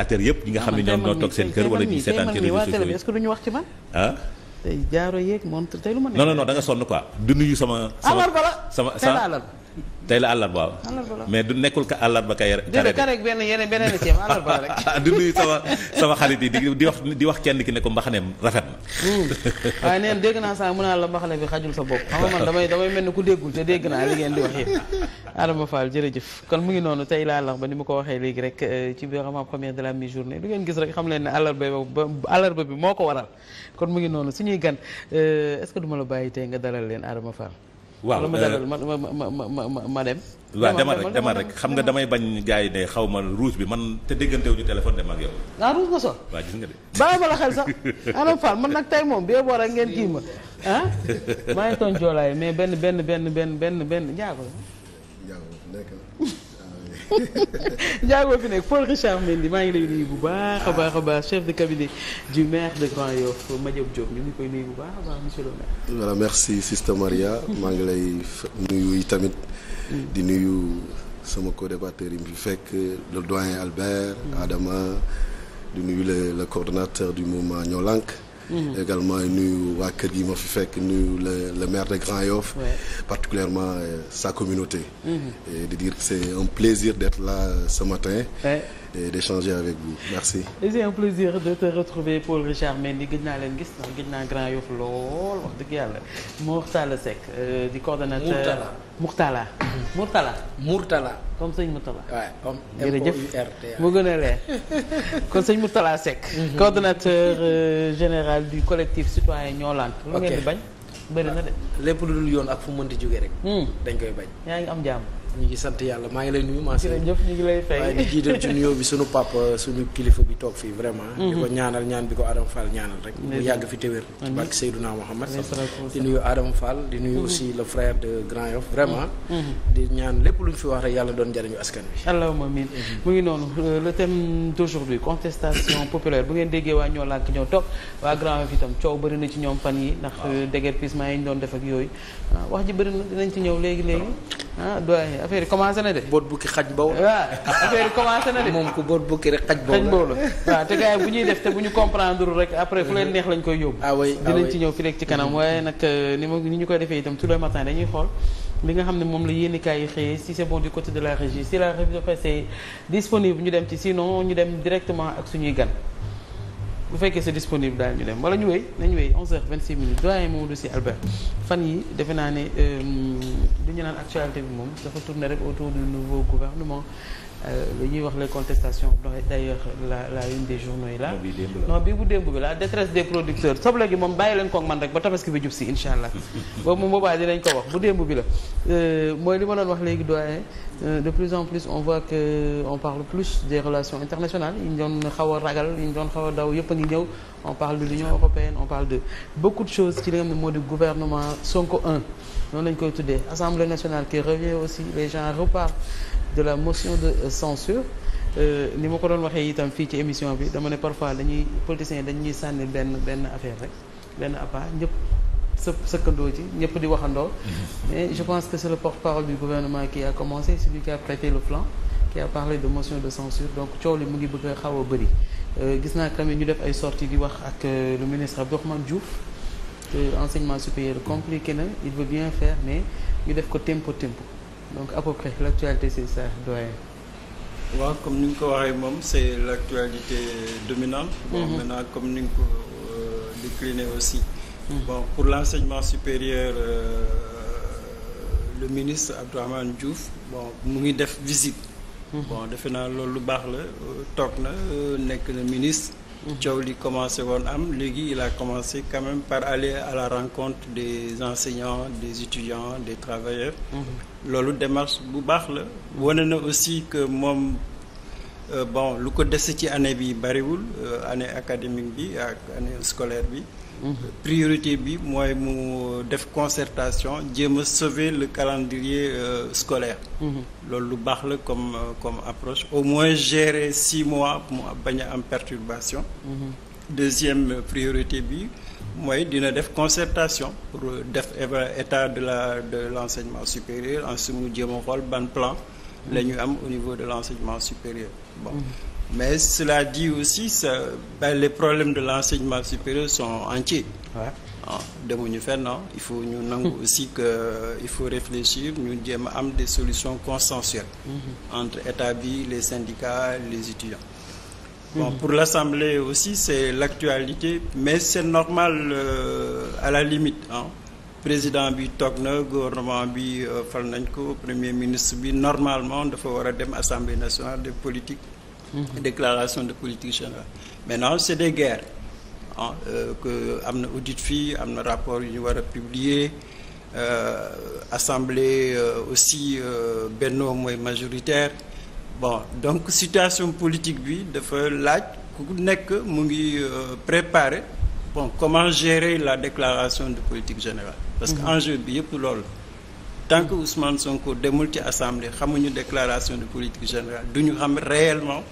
ater yëpp ñi nga xam ne ñoom ñoo toog seen kër wala ñuy seetaan ci réseaux sociaux est-ce que duñu wax ci man ah tey jaaro yeeg montre tey lu ma nekk non non non da sama sama sama tey la àllarba waaw. mais du nekkul ka àllarba kay. déedéet ka rek benn yeneen beneen la ci àllarba rek. du nuyu sama sama xarit yi di wax di wax kenn ki ne ko mbaxaneem rafet na. waaye neen dégg naa saa mu naa la mbaxane bi xajul sa bopp xam man damay mel ni ku déggul te dégg naa li ngeen di wax yëpp. Adama Fall jërëjëf kon mu ngi noonu tey la àllarba ni ma ko waxee léegi rek euh, ci biir avant-première de la mi-journée ngeen gis rek xam leen ne àllarba ba àllarba bi moo ko waral kon mu ngi noonu suñuy gan euh, est-ce que du la bàyyi tey nga dalal leen Adama Fall waaw euh, ma ma ma ma ma ma dem. waaw demal rek demal rek xam nga damay bañ gars yi ne xaw ma rouge bi man te déggante wu ñu téléphone dem ak yow. ah rouge nga sol. waaw gis nga de. bàyyi ma la xel sax anam Fall man nag tey moom bee boo rek ngeen kii ma ah. maa ngi doon joolaay mais benn benn benn benn benn benn njaago jaagoo fi nekk Paul Richard Mendy maa ngi lay nuyu bu baax a baax a baax chef de cabinet du maire de Grand Yoff Madiop Diop ñu ngi koy nuyu bu baax a baax monsieur le maire. merci Sista maa ngi lay nuyu tamit mm. di nuyu sama co yi mu fi fekk le doyen Albert. Mm. Adama di nuyu le le coordonnateur du mouvement Ñoo Lank Mm-hmm. également nuyu waa kër gi ma fi fekk nuyu le le maire de Grand Yoff particulièrement euh, sa communauté mm-hmm. et de dire que c'est un plaisir d'être là euh, ce matin et d'échanger avec vous merci. c'est un plaisir de te retrouver Paul Richard Mendy gëj naa leen gis ndax gëj naa Grand Yoff lool wax dëgg yàlla Mor Talla Seck euh, di coordonnateur. Mourtala Mourtala. Mourtala. comme sëñ Mourtala. waaw comme jërëjëf mu gën a leer kon sëñ Mourtala Seck. Mhm. coordonnateur euh, général du collectif citoyen Ñoo Lank. lu ngeen di bañ bëri na de. lépp lu dul yoon ak fu mu mënti jógee rek. Hmm. dañ koy bañ. yaa ngi am jàmm. ñu ngi sant yàlla maa ngi lay nuyu maa si jërëjëf ñu ngi lay fay waaye di jiital ci nuyoo bi suñu papa suñu kilifa bi toog fii vraiment mhm. di ko ñaanal ñaan bi ko Adama Fall ñaanal rek mu yàgg fi téwér ci barke Seydouna Mohamed di nuyu Adama Fall di nuyu mhm. aussi le frère de Grand Yoff vraiment mhm. di ñaan lépp lu ñu fi wax rek yàlla doon njëriñu askan bi allahumma amin mu ngi noonu euh, le thème d'aujourd'hui contestation populaire bu ngeen déggee waa wax ji bëri na dinañ ci ñëw léegi léegi. ah doyen affaire yi commencé na de. boot bukki xaj baw la. waaw affaire yi commencé na de. moom ku boot bukki rek xaj baw la xaj baw la waaw te gars yi bu ñuy def te bu ñu comprendre rek après fu leen neex lañ koy yóbbu. ah oui ah dinañ ci ñëw fi rek ci kanam waaye nag euh, ni ma ni ñu koy defee itam tous les matins dañuy xool. li nga xam ne moom la yéenekaay yi xëyee si c'est bon du côté de la régie si la revue de presse disponible ñu dem ci sinon ñu dem directement ak suñuy gan. bu fekkee c'est disponible daal ñu dem wala ñu wéy nañu wéy 11h26 minutes doyen Mamadou Sy Albert fan yi defe naa ne euh, du ñu naan actualité bi moom dafa tourner rek autour du nouveau gouvernement. Euh, lu ñuy wax les contestations d'ailleurs la la une des journaux la non bii bu démb bi la détresse des producteurs soble gi moom bàyyi leen koog man rek ba tabaski bi jub si insha allah boobu moom boobaa dinañ ko wax bi la euh, mooy li ma doon wax léegi doyen euh, de plus en plus on voit que on parle plus des relations internationales yi ñu doon xaw a ragal yi ñu doon xaw daw yëpp a ngi ñëw on parle de l'Union européenne on parle de beaucoup de ci li nga xam moo di gouvernement Sonko 1 noonu lañ koy tuddee Assemblée nationale qui revient aussi les gens repartent de la motion de censure euh, ni ma ko doon waxee itam fii ci émission bi dama ne parfois dañuy politiciens dañuy sànni benn benn affaire rek benn appart ñëpp së sëkkandoo ci ñëpp di waxandoo. Mm-hmm. mais je pense que c'est le porte-parole du gouvernement qui a commencé celui qui a prêté le flanc qui a parlé de motion de censure donc coow li mu ngi bëgg a xaw a bëri euh, gis naa tamit ñu def ay sorties di wax ak euh, lu ministre Abdourahmane Diouf que enseignement supérieur mm-hmm. compliqué na bien faire mais ñu def ko tempo tempo donc à peu près l' actualité c' est ça doyen. waaw comme ni nga ko waxee moom c' est l' actualité dominante. bon mhm. maintenant comme ni nga ko euh, décliné aussi. Mhm. bon pour l' enseignement supérieur euh, le ministre Abdourahmane Diouf bon mu ngi def visite. Mhm. bon defe naa loolu lu baax la euh, toog na nekk na ministre. coow li commencé woon am léegi il a commencé quand par aller à la rencontre des enseignants des étudiants des travailleurs mhm. loolu démarche bu baax la wane na aussi que moom euh, bon lu ko dese ci année bi bariwul euh, année académique bi ak année scolaire bi priorité bi mooy mu def concertation jéem a sauver le calendrier euh, scolaire. Mhm. loolu lu baax la comme euh, comme approche au moins gérer six mois mu bañ a am perturbation. Mhm. deuxième priorité bi mooy dina def concertation pour def état de la de l'enseignement supérieur en su mu jéem a xool plan mhm. la ñu am au niveau de l'enseignement supérieur bon. Mais cela dit aussi, ça, ben, les problèmes de l'enseignement supérieur sont entiers. Ouais. ah demuñu fenn ah. il faut ñu nangu aussi que euh, il faut réfléchir ñu jéem a am des solutions consensuelles. Mm-hmm. entre état bi les syndicats les étudiants. bon mm-hmm. pour l'assemblée aussi c'est l'actualité mais c'est normal euh, à la limite ah. président bi toog na gouvernement bi euh, fal nañ ko premier ministre bi normalement dafa war a dem assemblée nationale des politiques Mm-hmm. déclaration de politique mais maintenant c'est des guerres ah euh, que am na audit fi am na rapport yu ñu war a publier euh, assemblée euh, aussi Benno mooy majoritaire bon donc situation politique bi dafa laaj ku nekk mu ngi préparer bon comment gérer la déclaration de politique général parce que en mm-hmm. enjeu bi yëpp loolu tant que Ousmane Sonko demul ci assemblée xamuñu déclaration de politique générale duñu xam réellement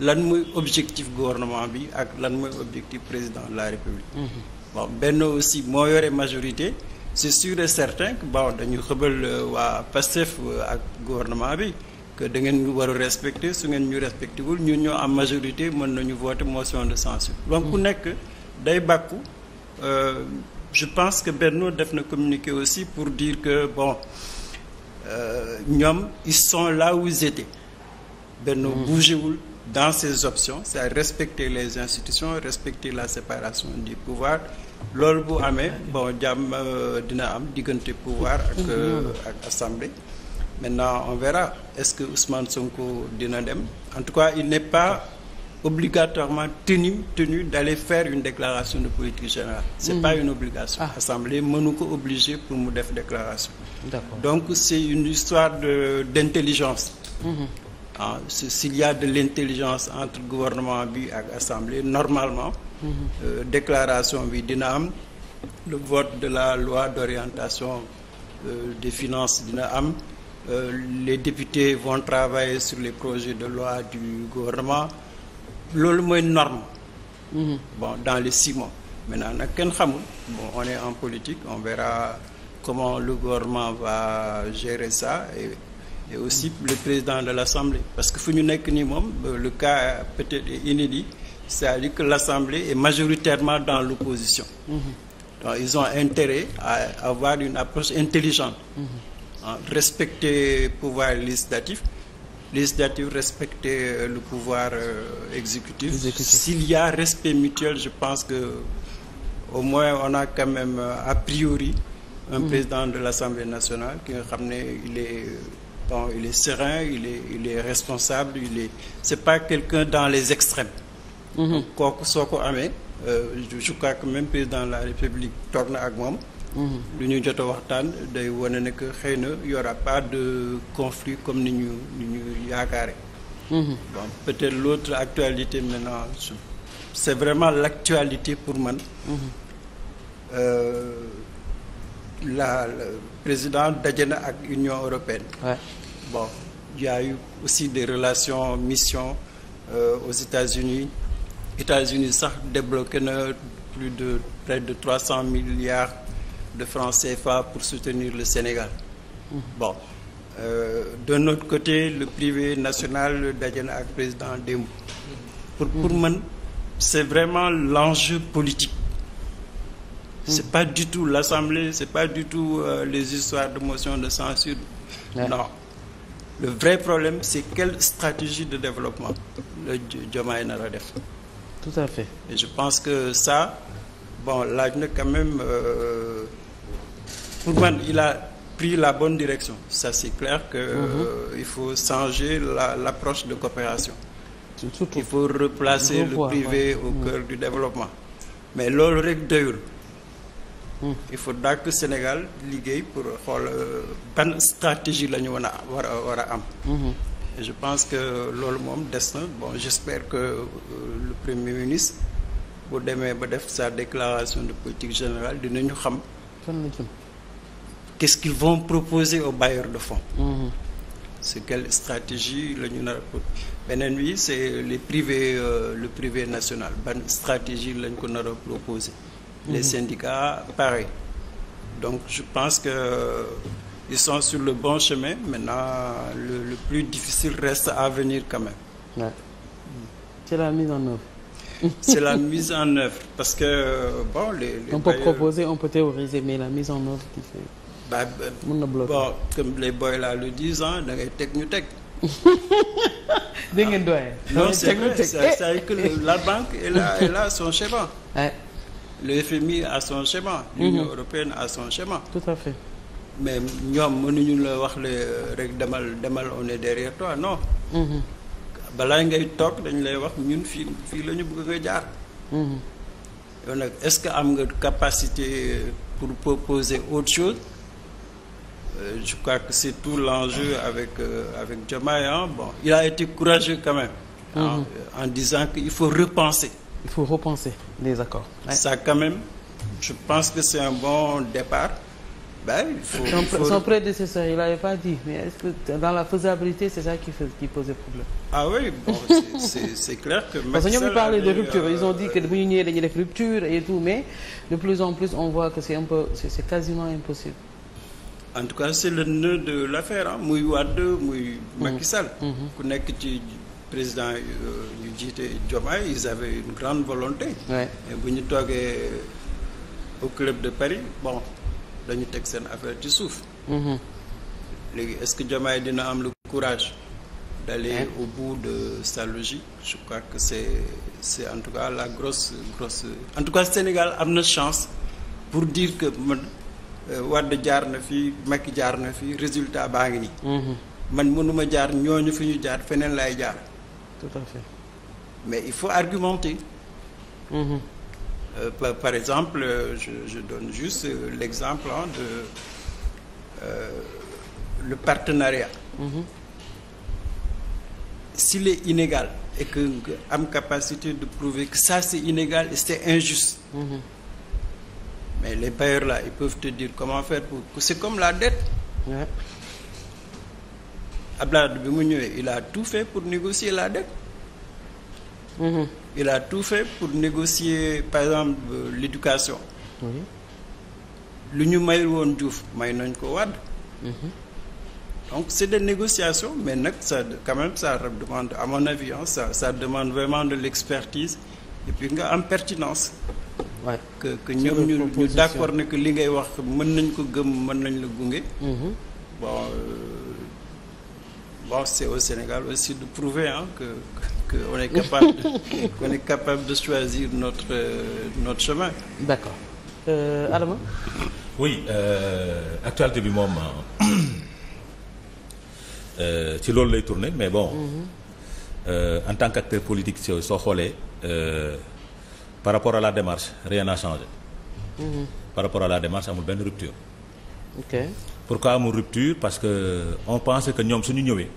lan mooy objectif gouvernement bi ak lan mooy objectif président de la république. Mhm. bon Benno aussi moo yore majorité c'est sûr et certain que bon dañu xëbal euh, waa PASTEF euh, ak gouvernement bi que da ngeen ñu war a respecter su ngeen ñu respecté wul ñun ñoo am majorité mën nañu voter motion de censure donc ku mhm. nekk day bàkku euh, je pense que Benno def na communiqué aussi pour diir que bon ñoom euh, ils sont là où Benno mhm. bougéwul dans ses options c'est-à-dire respecter les institutions respecter la séparation du pouvoir loolu bu amee bon jàmm euh, dina am diggante pouvoir ak euh, ak assemblée maintenant on verra est-ce que Ousmane Sonko dina dem en tout cas il n'est pas obligatoirement tenu tenu d'aller faire une déclaration de politique générale c'est mm -hmm. pas une obligation ah. assemblée mënu ko obligé pour mu def déclaration donc c'est une histoire d'intelligence mm-hmm. ah s'il y a de l'intelligence entre gouvernement bi ak assemblée normalement mhm. euh, déclaration bi dina am le vote de la loi d'orientation euh, des finances dina am euh, les députés vont travailler sur les projets de loi du gouvernement loolu mooy norme mhm. dans les six mois maintenant nag kenn xamul bon on est en politique on verra comment le gouvernement va gérer ça et aussi le président de l'Assemblée parce que fu ñu nekk nii moom le cas peut-être est inédit c'est-à-dire que l'Assemblée est majoritairement dans l'opposition mm-hmm. donc ils ont intérêt à avoir une approche intelligente mm-hmm. hein, respecter pouvoir législatif euh, le pouvoir euh, exécutif s'il y a respect mutuel je pense que au moins on a quand même euh, a priori un mm-hmm. président de l'Assemblée nationale qui nga xam ne il est Bon, il est serein, il est, responsable, il est c'est pas quelqu'un dans les extrêmes. kooku soo ko amee je crois que même président la République toog na ak moom mm-hmm. lu ñu jot waxtaan day wane ne que xëy na y aura pas de conflit comme ni ñu ni ñu yaakaare mm-hmm. bon peut-être l'autre actualité maintenant c'est vraiment l'actualité pour man mm-hmm. euh, la le président daje na ak Union européenne. Ouais. bon il y a eu aussi des relations mission euh, aux États-Unis États-Unis sax débloqué na plus de près de trois cent milliards de francs CFA pour soutenir le Sénégal. Mmh. bon euh, d'un autre côté le privé national daje na ak président démb. c'est vraiment l'enjeu politique. c'est pas du tout l'Assemblée c'est pas du tout euh, les histoires de motion de censure ouais. non le vrai problème c'est quelle stratégie de développement le Diomaye nar à fait je pense que ça bon laaj na quand même euh, pour man il a pris la bonne direction ça c'est clair que euh, mm-hmm. il faut changer la l'approche de coopération il faut replacer le privé au mm. cœur du développement mais loolu rek il faut dàkk Sénégal liggéey pour xool euh, ban stratégie la ñu war a war a war a am. Mm-hmm. je pense que loolu moom des na bon j' espère que euh, le premier ministre bu demee ba def sa déclaration de politique générale dinañu xam. qu'est-ce qu'ils vont proposer aux bailleurs de fonds. Mmh. c'est quelle stratégie la ñu nar a beneen bi c'est les privés euh, le privé national ban stratégie lañ ko nar a proposer. les syndicats, pareil. Donc je pense qu'ils euh, sont sur le bon chemin. Maintenant, le, le, plus difficile reste à venir quand même. C'est la mise en œuvre. C'est la mise en œuvre. Parce que, euh, bon, les. les on peut la mise en œuvre qui fait. Bah, bah, boys là le disent, hein, dans les technotech. la banque, elle a, elle a son schéma. Ouais. le FMI a son schéma. Mhm. l'Union européenne a son schéma. tout à fait. mais ñoom mënuñu la wax le rek demal demal on est derrière toi non. Mhm. balaa ngay toog dañ lay wax ñun fii fii la ñu bëgg nga jaar. Mhm. yow nag est-ce que am nga capacité pour proposer autre chose euh, je crois que c'est tout l'enjeu avec euh, avec Diomaye bon il a été courageux quand même. Hein, mm -hmm. en disant qu'il faut repenser. il faut repenser les accords. Ouais. Ça quand même, je pense que c'est un bon départ. Ben, il faut, son, prédécesseur, il n'avait pas dit, mais est-ce que dans la faisabilité, c'est ça qui, fait, qui posait problème Ah oui, c'est clair que... Parce que nous parlé de rupture, ils ont dit euh, que nous il y a des ruptures et de plus en plus, on voit que c'est un peu, c'est quasiment impossible. En tout cas, c'est le nœud de l'affaire, hein. Mouy Wade, Mouy mm. Macky Sall, mm-hmm. ku nekk ci président ñu euh, jiite Diomaye ils avaient une grande volonté. mais ñu toogee au club de Paris bon dañu teg seen affaire ci suuf. Mhm. léegi est-ce que Diomaye dina am le courage. d'aller au bout de sa logique je crois que c'est c'est en tout cas la grosse grosse en tout cas Sénégal am na chance pour dire que man euh, Wade jaar na fii Macky jaar na fii résultat baa ngi nii. Mhm. man mënuma jaar ñooñu fi ñu jaar feneen laay jaar. tout à fait mais il faut argumenter mmh. euh, par, par, exemple euh, je, je donne juste euh, l'exemple hein, de euh, le partenariat mmh. s'il est inégal et que am capacité de prouver que ça c'est inégal et c'est injuste mmh. mais les bailleurs là ils peuvent te dire comment faire pour c'est comme la dette ouais. Abdoulaye bi mu ñëwee il a tout fait pour négocier la dette. Mhm. il a tout fait pour négocier par exemple euh, l'éducation lu ñu mayul woon juuf may nañ ko Wade mhm. donc c'est des négociations mais nag ça quand même ça demande à mon avis hein, ça demande vraiment de l'expertise et nga am pertinence ouais. que ñoom ñu ñu d'accord ne que li ngay wax mën nañ ko gëm mën nañ la gunge mhm. euh, bon c'est au Sénégal aussi de prouver hein, que qu'on est capable de choisir notre euh, notre chemin. d'accord euh, oui euh, actualité bi moom euh, euh, ci loolu lay tourner mais bon. Mhm. en tant qu'acteur politique soo xoolee par rapport à la démarche rien n'a mhm. par rapport à la démarche amul benn rupture. pour pourquoi amul rupture parce que on pensait que ñoom suñu ñëwee.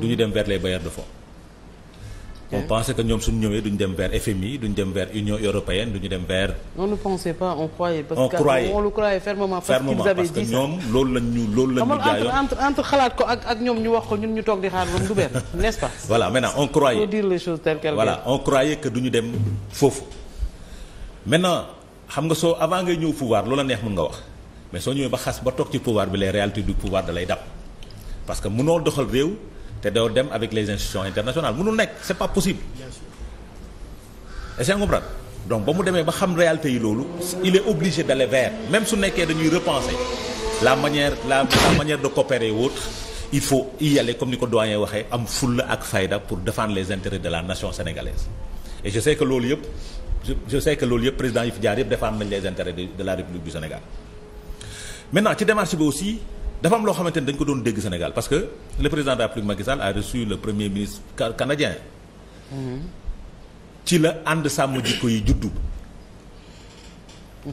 du ñu dem vers les bailleurs de fonds. on pensait que ñoom suñu ñëwee duñu dem vers FMI du ñu dem vers Union européenne du ñu dem vers. on ne pensait pas on croyait. parce fermement. parce que ñoom loolu lañ loolu lañ ñu entre entre xalaat ko ak ak ñoom ñu wax ko ñun ñu toog di xaar moom du benn n'est-ce pas. voilà maintenant on croyait faut dire les ñu dem foofu. maintenant xam nga soo avant ngay ñëw pouvoir loola neex mën nga wax. mais soo ñëwee ba xas ba toog ci pouvoir bi les réalités du pouvoir da dab parce que munoo doxal réew te doo dem avec les institutions internationales mënul nekk c'est pas possible. bien sûr est-ce que comprendre donc ba mu demee ba xam réalité yi loolu il est obligé d'aller vers même su nekkee dañuy repenser la manière la la manière de coopérer autre il faut y comme ni ko doyen waxee am fulla ak fayda pour défendre les intérêts de la nation sénégalaise et je sais que loolu yëpp je sais que loolu yëpp président yi fi la République du Sénégal. maintenant ci démarche bi aussi dafa am loo xamante ni dañ ko doon dégg Sénégal parce que le président de la République Macky Sall a reçu le premier ministre canadien. Mm-hmm. ci la ànd sàmm jikko yi juddu.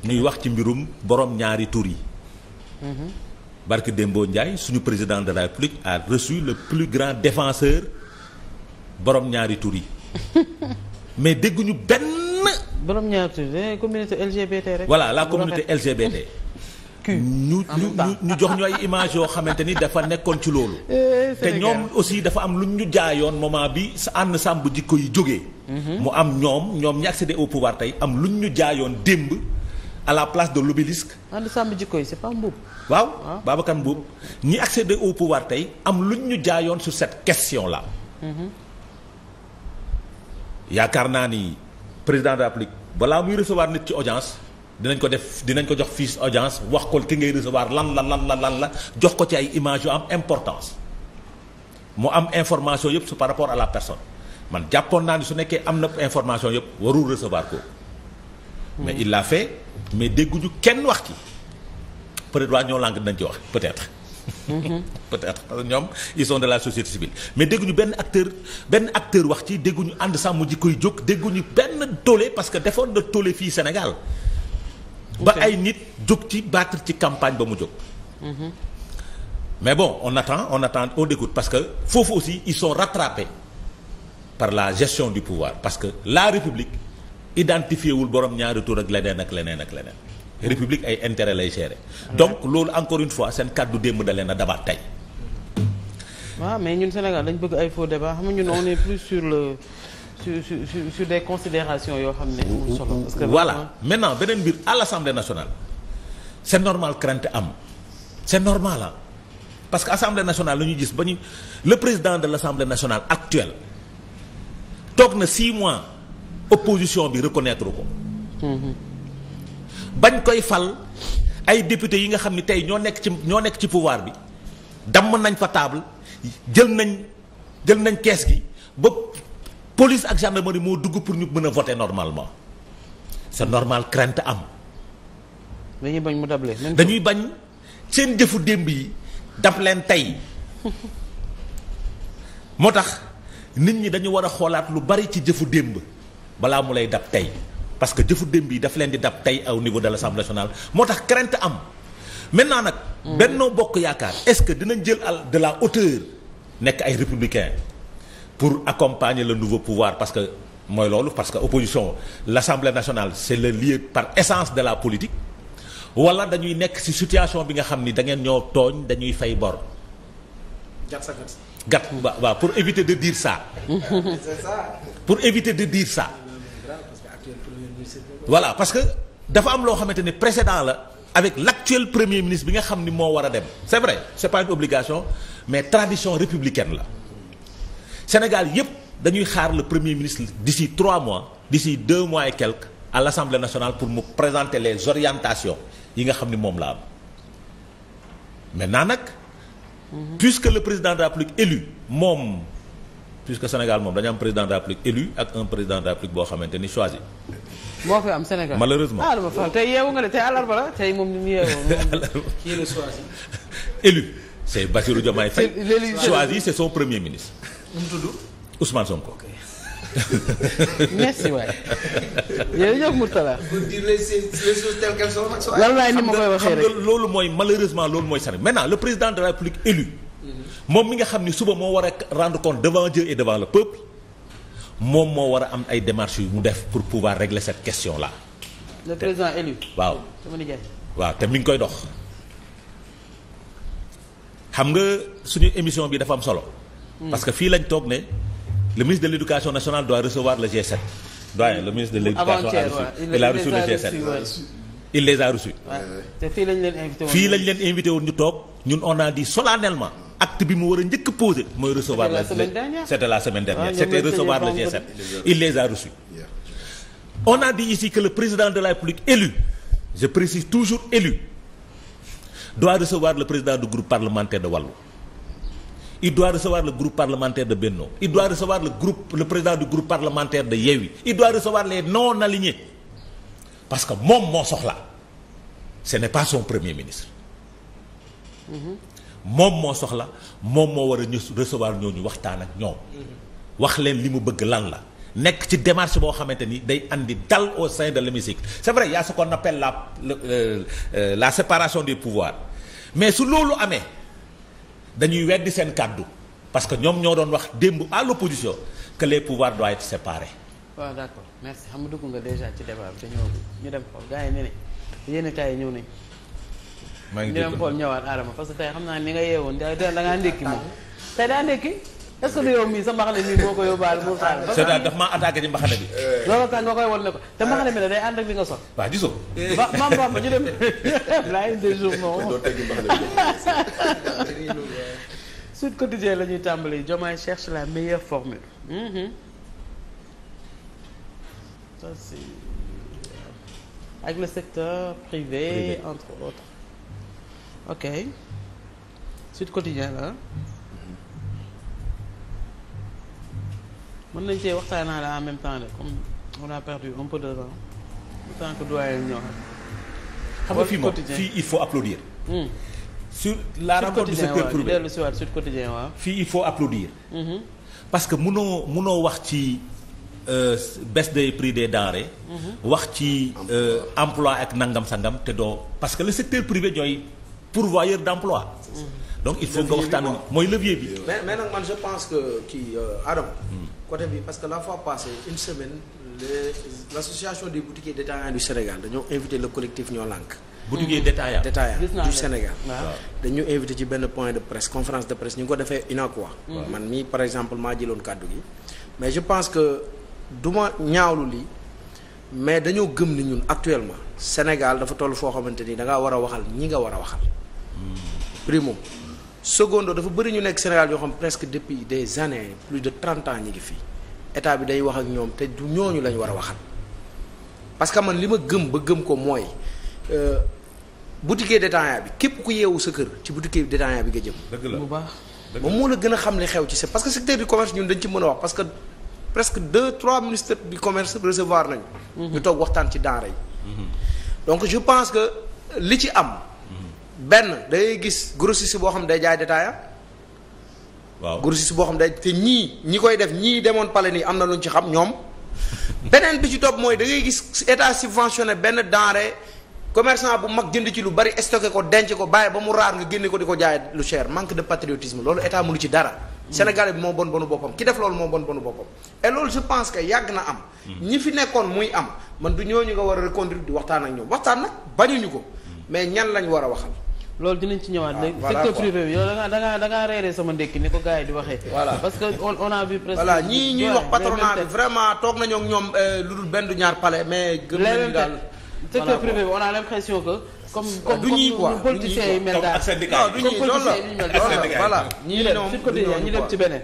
muy wax ci mbirum borom ñaari tur yi. Mm-hmm. Barke Dembo Ndiaye suñu président de la République a reçu le plus grand défenseur borom ñaari tur yi mais dégguñu benn. borom ñaari tur eh, communauté LGBT rek. voilà la communauté LGBT. ñu ñu jox ñu ay image yoo xamante ni dafa nekkoon ci loolu. Eh, eh, te ñoom aussi dafa am lu ñu jaayoon moment bi sa ànd sàmm jikko yi jóge mhm. mu am ñoom ñoom ñi accédé tey am lu ñu jaayoon démb à la place de l'obélisque. ànd sàmm jikko yi c'est pas Mboup. waaw ah. Babacar Mboup ñi accédé au pouvoir tey am lu ñu jaayoon su cette question la mhm. yaakaar naa ni président de la République balaa muy recevoir nit ci audience. dinañ ko def dinañ ko jox fiche audience wax ko ki ngay recevoir lan la lan la lan la jox ko ci ay image yu am importance mu am information yëpp su par rapport à la personne man jàppoon naa ni su nekkee am na information yëpp warul recevoir ko. mais il l'a fait mais dégguñu kenn wax ci peut-être waa ñoo langue dinañ ci wax peut-être. peut-être parce que ñoom ils sont de la société civile mais dégguñu benn acteur benn acteur wax ci dégguñu ànd sàmm ji koy jóg dégguñu benn tollé parce que defoon na tollé fii Sénégal. ba ay nit jóg ci battre ci campagne ba mu jóg. Mm-hmm. mais bon on attend on attend on dégoûte parce que foofu aussi ils sont rattrapés par la gestion du pouvoir parce que la république identifié wul borom ñaari tour ak leneen ak leneen ak leneen. Mm-hmm. république ay intérêt lay gérer. donc loolu encore une fois seen kàddu démb da leen a dabaat tey. waaw mais ñun Sénégal dañ bëgg ay faux débat xam nga ñun on est plus sur le. sur sur sur des considérations yoo xam ne solo parce que voilà maintenant beneen mbir à l'Assemblée nationale c'est normal crainte am c'est normal ah parce que Assemblée nationale la ñu gis ba ñu le président de l'Assemblée nationale actuelle toog na six mois opposition bi reconnaître ko mm-hmm. bañ koy fal ay député yi nga xam ni tey ñoo nekk ci ñoo nekk ci pouvoir bi damm nañ fa table jël nañ jël nañ kees gi ba police ak gendarmerie moo dugg pour ñu mën a voter normalement sa normal crainte am. dañuy bañ mu dable. dañuy bañ seen jëfu démb yi dab leen tey moo tax nit ñi dañu war a xoolaat lu bari ci jëfu démb balaa mu lay dab tey parce que jëfu démb yi daf leen di dab tey aw niveau de l'Assemblée nationale moo tax crainte am maintenant nag. Mm. Benno Bokk Yaakaar est-ce que dinañ jël al de la hauteur nekk ay républicain pour accompagner le nouveau pouvoir parce que mooy loolu parce que opposition l'Assemblée nationale c'est le lieu par essence de la politique wala dañuy nekk ci situation bi nga xam ni da ngeen ñoo tooñ dañuy fay bor. gat ba waaw pour éviter de dire ça. pour éviter de dire ça. voilà parce que dafa am loo xamante ni précédent la avec l'actuel premier ministre bi nga xam ni moo war a dem c'est vrai c'est pas une obligation mais tradition républicaine la. Sénégal yëpp dañuy xaar le premier ministre d'ici trois mois d'ici deux mois et quelques à l'Assemblée nationale pour mu présenter les orientations yi nga xam ni moom la am mais naan nag. Mhm. puisque le président de la République élu moom. puisque Sénégal moom dañu am président de la République élu ak un président de République boo xamante ni choisi. moo fi am Sénégal malheureusement. ah dama fàtte tey yeewu nga de tey àllarba tey moom ni mu yeewoo moom. kii la choisi. élu c'est Bassirou Diomaye nu mu tudd Ousmane Sonko. merci waay jërëjëf Mourtala. pour dire les choses telles qu'elles sont nag. wallaay ni koy waxee loolu mooy malheureusement loolu mooy sànni maintenant le président de la République élu. moom mi nga xam ni suba moo war a rendre compte devant Dieu et devant le peuple moom moo war a am ay démarches yu mu def pour pouvoir régler cette question là. le président élu. waaw te mi ngi koy dox. xam nga suñu émission bi dafa am solo. parce que fii lañ toog ne le ministre de l'éducation nationale doit recevoir le G7 le ministre de l'éducation le g il les a reçus fii lañ leen invité woon fii lañ leen invité woon ñu toog ñun on a dit solennellement acte bi mu war a njëkk posé mooy recevoir la semaine dernière ah, c'était recevoir le g il les a reçus on a dit que le président de la République élu je précise toujours élu doit recevoir le président du groupe parlementaire de Wallu il doit recevoir le groupe parlementaire de Benno il doit recevoir le groupe le président du groupe parlementaire de Yewwi il doit recevoir les non alignés parce que moom moo soxla ce n'est pas son premier ministre mm-hmm. moom moo soxla moom moo war a ñu recevoir ñooñu waxtaan ak ñoom mm-hmm. wax leen li mu bëgg lan la nekk ci démarche boo xamante ni day indi dal au sein de l'hémicycle c'est vrai il y a ce qu'on la euh, euh, la séparation des pouvoirs mais su loolu amee dañuy weddi seen kàddu parce que ñoom ñoo doon wax démb àll l'opposition que les pouvoirs doivent être séparés. waaw d'accord merci xam nga dugg nga déjà ci débat bi te ñëw ñu dem xool gaa yi ne yenn yéen yi ñëw nañ maa ngi ñu dem xool ñëwaat Adama parce que tey xam naa ni nga yeewoon da da ngaa ndékki moom tey daa ndékki. est-ce que du yow mii sa mbaxane mii moo ko yóbbaale mu taal. c'est-à-dire daf maa attaqué ci mbaxane bi. Eh. loolu tax nga koy wan ne ko te mbaxane mi la day ànd ak li nga sol. waaw gisoo. ba maam Bamba ñu dem laay des jours moom. Sud Quotidien la ñuy tàmbali Diomaye cherche la meilleure formule. Mm-hmm. ça c'est euh, avec le secteur privé. privé entre autres. ok Sud Quotidien la mën nañ cee waxtaanaale en même temps de comme on a perdu un peu de temps le temps nga fii moom il faut applaudir mmh. sur la Sud rencontre du secteur privé dellu si waat Sud Quotidien waaw fii il faut applaudir parce que munoo munoo wax ci Euh, baisse des prix des denrées. Mm-hmm. wax ci euh, emploi ak nangam sangam te doo parce que le secteur privé ñooy pourvoyeur d'emploi. Mm -hmm. donc il faut nga waxtaan mooy levier bi. mais mais nag man je pense que kii euh, Adam. Mm. côté bi parce que la fois passée une semaine les l' association des boutiquiers détaillants du Sénégal dañoo invité le collectif ñoo lànk. boutiquiers détaillants détaillants du Sénégal. Ah. dañu invité ci benn point de presse conférence de presse ñu ngi ko defee UNACOIS. man mii par exemple maa jëloon kàddu gi. mais je pense que du ma ñaawlu lii mais dañoo gëm ni ñun actuellement Sénégal dafa toll foo xamante ni da ngaa war a waxal ñi nga war a waxal. Hmm. primo. secondo dafa bëri ñu nekk Sénégal yoo xam presque depuis des années plus de trente ans ñi ngi fii état bi day wax ak ñoom te du ñooñu lañ war a waxal parce que man li ma gëm ba gëm ko mooy euh, boutique détaillant bi képp ku yeewu sa kër ci boutique détaillant bi nga jëm. dëgg la bu baax moom moo la gën a xam li xew ci sa parce que secteur du commerce ñun dañ ci mën a wax parce que presque deux trois ministres du commerce recevoir nañu. Mhm. ñu toog waxtaan ci denrée yi. Mhm. donc je pense que li ci am. benn dangay gis grossiste boo xam ne day jaay détaillant waaw grossiste boo xam day te ñii ñi koy def ñii demoon pale nii am na luñ ci xam ñoom beneen bi ci topp mooy da ngay gis état subventionné benn denrée commerçant bu mag jënd ci lu bari stocké ko denc ko bàyyi ba mu raar nga génne ko di ko jaay lu cher manque de patriotisme loolu état mënu ci dara. Mm. Sénégalais bi moo bon bonu boppam ki def loolu moo bon bonu boppam. et loolu je pense que yàgg na am. Mm. ñi fi nekkoon muy am man du ñooñu nga war a reconduire di waxtaan ak waxtaan nag bañuñu ko. Mm. mais ñan lañ war a waxal. loolu dinañ ci ñëwaat ah, léegi secteur privé bi yow da ngaa da ngaa da ngaa reeree sama ndékki ni ko gars di waxee parce que on a vu presque voilà ñuy wax patronat bi toog nañook ñoom euh, lu dul benn du ñaar palais mais gëm nañu daal secteur privé bi on a l'impression que comme oh, comme du ñuy quoi politiciens yi mel daal non du ñuy loolu la voilà ñii ñoom ñu dem ci beneen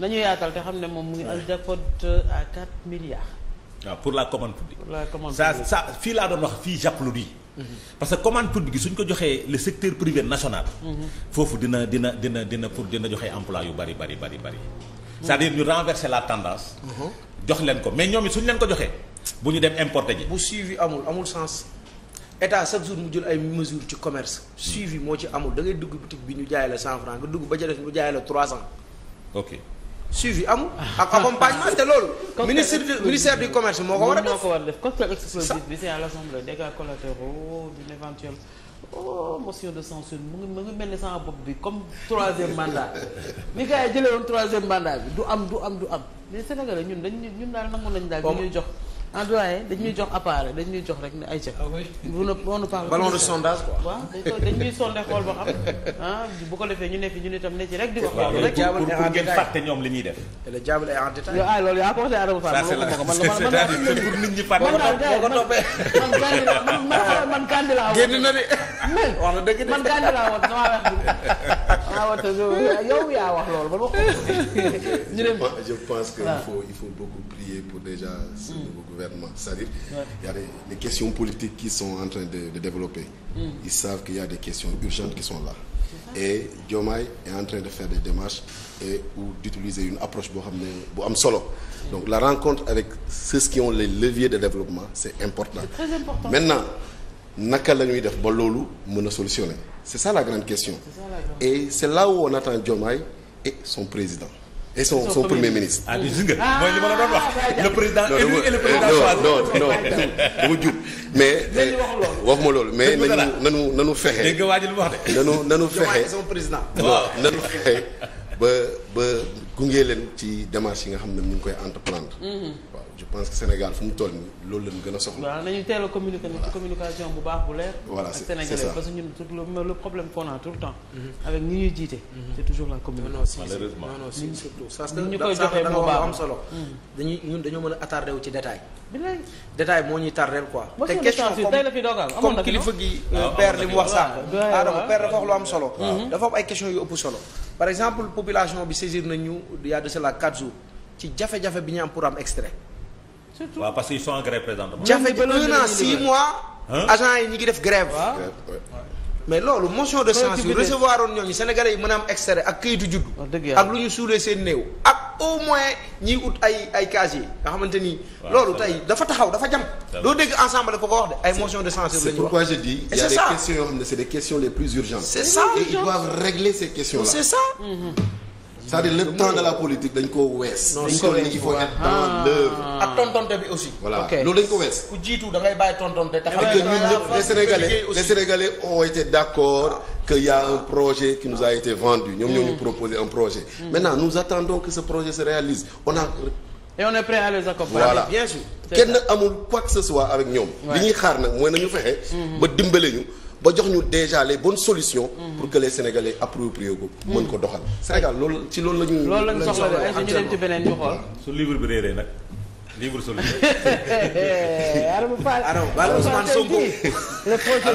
nañu yaatal te xam ne moom mu ngi al jackpot euh, à 4 milliards ah, pour la commande publique pour la fii laa doon wax fii j'applaudis parce que commande publique bi suñ ko joxee le secteur privé national. foofu dina dina dina dina pour dina joxe emploi yu bari bari bari bari. cest à ñu renverser la tendance. jox leen ko mais ñoom it suñ leen ko joxee bu ñu dem importer ji. bu suivi amul amul sens état chaque jour mu jël ay mesures ci commerce suivi moo ci amul da ngay dugg boutique bi ñu jaay la cent franc nga dugg ba ca def ñu jaay la trois cent. ok. suivi amul. ak accompagnement te ministre ministère du commerce moo ko war a def. moo ko war a def cocktail explosif bi c'est à l'assemblée dégâts collatéraux oh, d'une éventuelle oh motion de censure mu ngi mu ngi mel ni sama bopp bi comme troisième mandat ni gars yi jëlee woon troisième mandat bi du am du am du am mais Sénégalais ñun dañ ñun daal nangu nañ daal. di ñuy jox. en doyen dañuy jox appareil dañuy jox rek ne ay ca. bu ne on ne parle ballon de sondage quoi. waaw dañuy sondé xool ba xam ah bu ko defee ñu ne fi ni itam ne ci rek di wax. rek pour ngeen fàtte ñoom li ñuy def. le diable est en détail. yow ah loolu yaa ko waxee Adama Fall. pour nit ko man man man man Kandi laa woon. génn na de. wax na dëgg de man Kandi laa woon awata ah, euh, yow yaa wax loolu man wax je pense que il ah. faut il faut beaucoup prier pour déjà ce hmm. nouveau gouvernement c'est-à-dire il y a des questions politiques qui sont en train de de développer hmm. ils savent qu'il y a des questions urgentes qui sont là et Diomaye est en train de faire des démarches et ou d'utiliser une approche boo xam ne bu am solo donc la rencontre avec ceux qui ont les leviers de développement c'est important, important. maintenant naka la ñuy def ba loolu mën a solutionner c'est ça la grande question et c'est là où attend Diomaye et son président et son premier ministre. ah di gis nga ah. mooy la doon wax. Ah, le et le président choisi. non non mais. wax ma loolu mais nañu nañu nañu fexe. dégg nga waa fexe son président. fexe ba ba gunge leen ci démarche yi nga xam ne ñu ngi koy entreprendre. Mhm. je pense que Sénégal fu mu toll nii loolu lañ gën a soxla. nañu teel communication bu baax bu leer. voilà c'est Sénégalais ça. ñun le problème qu'on a tout le temps. Mm-hmm. avec ñi jiite. Mm-hmm. c'est ñu koy joxee moo baax am solo. Mm-hmm. dañuy ñun dañoo mën a attardé ci détail. bilaay moo ñuy tardé quoi. te question comme comme kilifa gi. Euh, ah, père li mu wax sànq. Adama père dafa wax lu am solo. dafa am ay questions yu ëpp solo. par exemple population bi saisir nañu il y quatre jours surtout waaw parce que ils sont en grève mois. agent yi ñu ngi def grève. mais loolu motion de censure recevoir woon ñooñu sénégalais yi mën a am extrait ak kayitu juddu. Oh, ak lu ñu suulee seen néew. ak au moins ñiy ut ay ay casier nga xamante ni. loolu tey dafa taxaw dafa jam doo dégg ensemble ko ko wax de ay motion de censure la ñuy pourquoi je dis. il y a des yoo xam ne c'est des questions les plus urgentes. c'est ça et ils régler ces questions là. cest le temps de la politique dañ ko wees. dañ ko wees il faut être dans ah. l'œuvre. ak tontonte bi aussi. voilà loolu dañ ko wees. ku jiitu da ngay bàyyi tontonte taxaw. da d'accord que y a un projet qui nous a été vendu ñoom ñoo ñu mm. proposer un projet. Mm. maintenant nous attendons que ce projet se réalise on a. et on kenn amul quoi que ce soit avec ñoom. li ñuy xaar nag mooy nañu fexe. Mm-hmm. ba dimbale ñu. ba jox ñu déjà les bonnes solution mm. pour que les sénégalais approprié ko. mën ko mm. doxal Sénégal loolu ci loolu la ñu. loolu la ñu soxla ñu dem ci beneen ñu su livre bi réeree nag. libre solution. Adama Fall. Adama Ousmane Sonko. le projet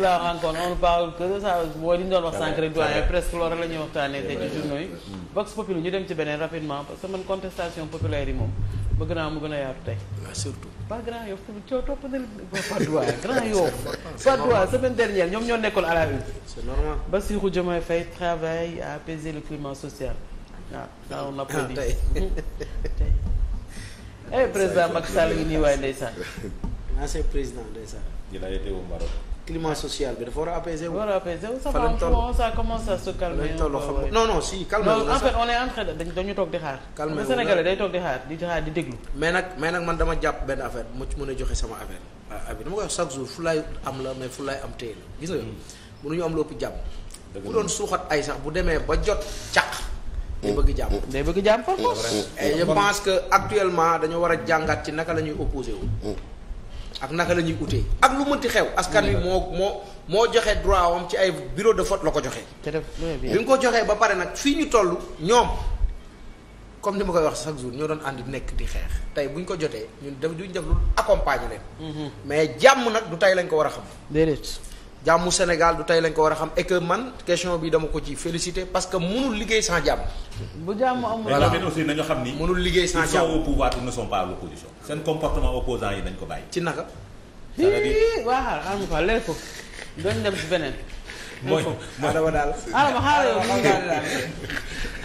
la rencontre on parle que ça li ñu doon wax sànq rek doyen presque loolu la ñuy waxtaanee tey ci journaux yi. Vox Populi ñu dem ci beneen rapidement parce que man contestation populaire yi moom. bëgg naa mu gën a yaatu tey. waaw surtout. pas Grand Yoff coow topp na Padois Grand Yoff. Padois semaine dernière ñoom ñoo nekkoon à la une. c'est normal. Bassirou Diomaye Faye travaille à apaiser le climat social. waaw ah, ça on applaudit. tey ah, eh président Macky Sall ngi nii waaye ndeysaan. ancien président ndeysaan. il a été au Maroc. climat social bi dafa war a apaiser wu. war a apaiser wu ça va ça commence à calmer. non si calme non en dañu toog di xaar. calme wu Sénégalais toog di xaar di déglu. mais nag mais nag man dama jàpp benn affaire mu ci mën a joxe sama affaire ah bi dama koy chaque jour fu am la mais fu am téye la gis nga. Hmm. mënuñu am lépp jàmm. bu doon suuxat ay sax bu demee ba jot caq. day bëgg jàmm day bëgg jàmm foofu. et eh, je pense que actuellement dañoo war a jàngat ci naka la ñuy opposé wu. Hmm. ak naka la ñuy utee ak lu mënti xew. askan wi moo moo moo joxe droit wam ci ay bureau de vote la ko joxe. bi ñu ko joxee ba pare nag fii ñu toll ñoom comme ni ma koy wax chaque jour ñoo doon ànd nekk di xeex tey bu ñu ko jotee ñun def duñ def lu accompagner leen. Mm-hmm. mais jàmm nag du tey lañ ko war a xam. jàmmu Sénégal du tey lañ ko war a xam et man question bi dama ko ci félicité parce que mënul liggéey san jàmm. bu jàmm amul voilà mais aussi nañu xam ni. mënul liggéey san jàmm ils sont au pouvoir ils ne sont seen comportement opposant yi dañ ko bàyyi. ci naka. waa à dire waaw xam ko léegi doon dem ci beneen. mooy Adama daal. Adama xaaral yow moom daal daal.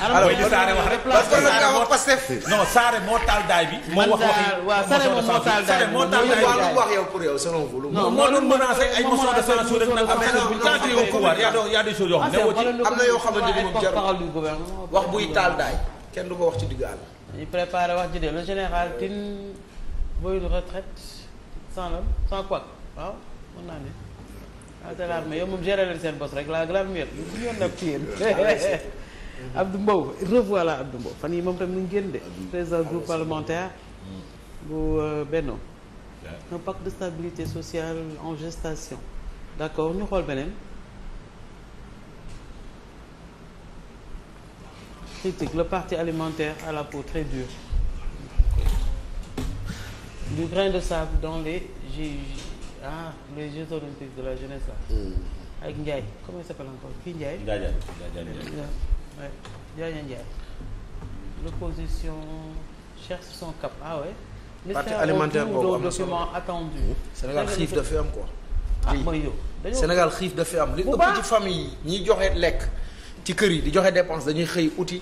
Adama Saare wax rek. parce que nag moo Pastef. non Saare moo taal daay bi. moo wax waxi waaw Saare moom moo taal daay bi moo taal daay bi lu wax yow pour yow selon vous. non moo doon menacé ay motion de censure rek nag. amee na pouvoir y a y a des choses yoo xam ne woo ci. am na yoo xamante wax buy taal daay kenn du ko wax ci digg àll. dañuy préparé wax ji de le général Tine booy retraite sans la sans quoi waaw mën naa de l'armée yow moom gérer leen seen bopp rek la l'armée bu ñu yoon nag ci yéen Abdou Mbow revoilà Abdou Mbow fan yi moom tam mu ngi génn de président groupe parlementaire mm. bu euh, Benno un pacte de stabilité sociale en gestation d'accord ñu xool beneen critique le parti alimentaire à la peau très dure du grain de sable dans les GIGN ah les Jeux olympiques de la jeunesse là. Hmm. avec Ndiaye comment il s'appelle encore kii Ndiaye. Ndiaye Ndiaye Ndiaye Ndiaye Ndiaye. son cap ah ouais. partie alimentaire boobu am na solo document attendu. Hmm. Sénégal xiif dafay am quoi. ah mooy yow Sénégal xiif dafay am. li ëpp ci famille yi ñiy joxe lekk ci kër yi di joxe dépense dañuy xëy outil.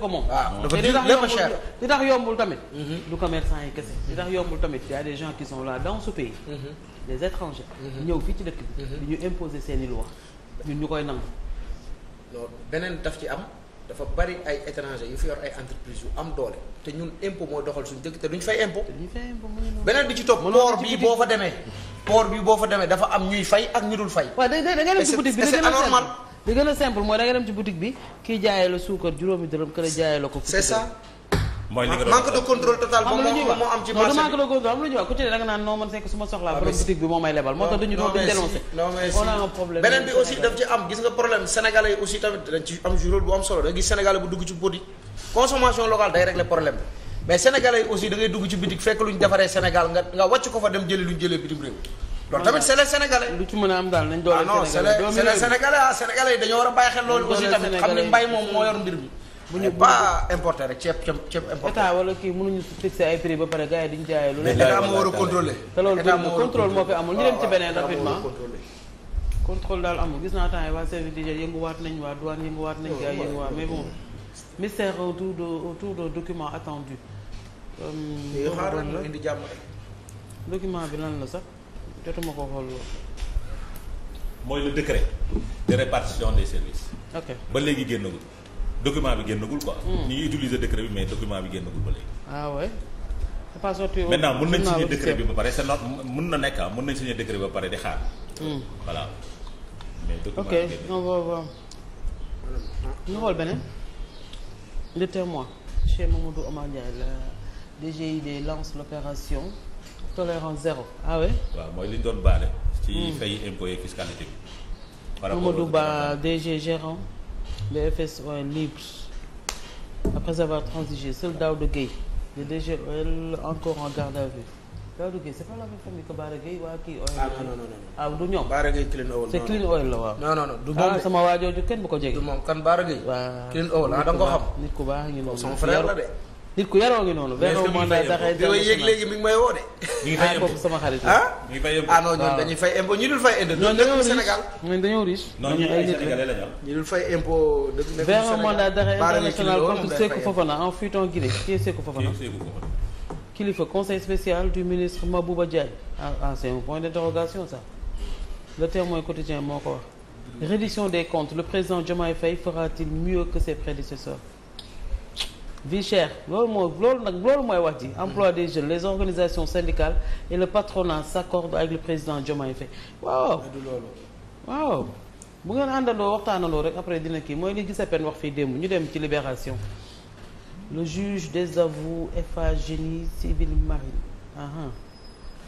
ko moom. Ah, dafa di lépp cher li tax yombul tamit. Mhm. du commerçant yi kese li tax yombul tamit y a des gens qui sont là dans ce pays. Mhm. des étrangers. Mhm. ñëw fii ci dëkk bi. di ñu imposer seen i loi ñun ñu koy nangu. loolu beneen daf ci am dafa bari ay étranger yu fi yor ay entreprise yu am doole te ñun impôt mooy doxal suñu dëkk te duñ fay impôt. beneen bi ci topp port bii boo fa demee. poor bi boo fa demee dafa am ñuy fay ak ñu dul fay. waaw da da da ngeen di bi c'est anormal. li gën a simple mooy da nga dem ci boutique bi kii jaayee la suukar juróomi dërëm kële jaayee la ko. c'est ça. mooy li nga doon manque de contrôle total. am lu ñuy wax moo am ci marché am lu a un problème beneen bi aussi daf ci am gis nga problème sénégalais yi aussi tamit dañ dugg ci produit fekk lu ñu defaree Sénégal nga nga wàcc ko fa dem jëli lu ñu jëlee bitim réew loolu tamit c'est les sénégalais. lu ci mën a am ah ah, a bàyyi xel loolu aussi tamit xam ni mbay moom wala kii mënuñu fixer ay prix ba pare gars yi duñu jaayee lu ne. état moo war a contrôler. te loolu contrôle moo fi amul ñu dem ci ah, beneen rapidement. contrôle daal amul gis naa temps yi waa service d'hygiène yënguwaat nañ waa douane yënguwaat nañ gars yënguwaat oh, mais bon mystère autour de autour de document attendu. Euh, document bi lan la sax jotuma ko xool mooy le décret de répartition des services. ok ba léegi génnagul document bi génnagul quoi. Hmm. ñu ngi utiliser décret bi mais document bi génnagul ba léegi. ah ouais. c'est pas sorti maintenant mën nañ signer bi ba pare c'est mën na nekk ah mën nañ signer décret bi ba pare di xaar. Hmm. voilà mais document bi xool beneen. le témoin. chez Mamadou Omar Ndiaye la DGID lance l'opération. tolérance zéro ah oui. waaw mooy li ñu doon baale. ci hmm. fay impôt et fiscalité bi. par rapport Mamadou Ba DG gérant de FSOL libre après avoir transigé seul Daouda Gueye le DGOL encore en garde à vue Daouda Gueye c'est pas la famille que Bara Gueye waa kii OL. ah non non ah, du ñoom. Bara Gueye Clean Oil la waaw. Ah, sama waajooju kenn bu ko jege. du moom kan Bara Gueye. Clean Oil ah, nit ku baax nit ku baax sama frère la de. nit ku yaroo ngi noonu. mais léegi léegi mi ngi may woo de. mi ngi fay impôt ah, sama xarit ah mi ngi fay impôt ah non ñun dañuy fay mandat d'arrêt international contre Sékou Fofana en fuite en Guinée qui est Sékou Fofana. kilifa conseil spécial du ministre Mabouba Diagne ah, ah c'est un point d'interrogation ça le témoin quotidien moo ko des comptes le président Diomaye Faye fera mieux que ses prédécesseurs vie chère loolu moo loolu nag loolu mooy wax ji emploi des jeunes les organisations syndicales et le patronat s'accordent avec le président Diomaye Faye waaw waaw bu ngeen àndandoo waxtaanandoo rek après dina kii mooy li gis pen wax fii démb ñu dem ci libération le juge désavoue FA génie civil marine aha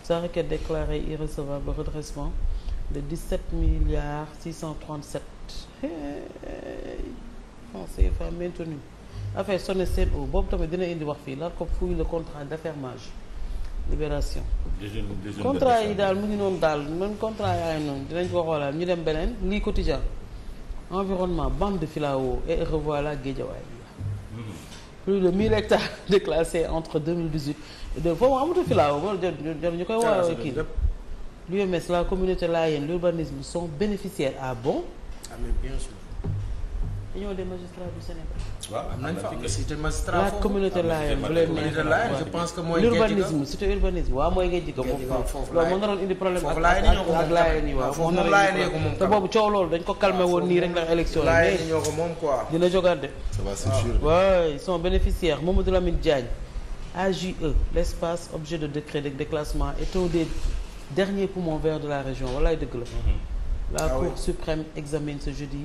sa requête déclarée irrecevable redressement de 17 milliards 637 hey, hey, hey. on s'est maintenu affaire SONES-SEN'EAU boobu tamit dina indi wax fii la ko fuy le contrat d'affermage libération. contrat yi daal mu ngi noonu daal man contrat yaa ngi noonu dinañ ko xoolaat ñu dem beneen lii quotidien environnement bande de filao et revoilà Guédiawaye bi mhm. plus de 1000 hectares déclassés entre 2018 et deux foofu amatu filao ba jot ñu koy woowee kii l'UMS la communauté layène l'urbanisme sont bénéficiaires à ah bon. ah mais bien sûr. dañoo des magistrats du Sénégal. waaw am nañ fa communauté Layène bu leen neexee je pense que mooy urbanisme cité urbanisme waaw mooy géej gi ko foofu loolu moo naroon indi problème ak ak Layène yi waaw foofu Layène yi moom te boobu coow loolu dañ ko calmé woon nii rek ndax élection yi ñoo moom quoi dina jogaat de ça va c'est sûr waaw ah, son bénéficiaire Mamadou Lamine Diagne AJE l'espace objet de décret de déclassement et un des derniers poumons verts de la région walaay dëgg la mhm. la ah cour suprême examine ce jeudi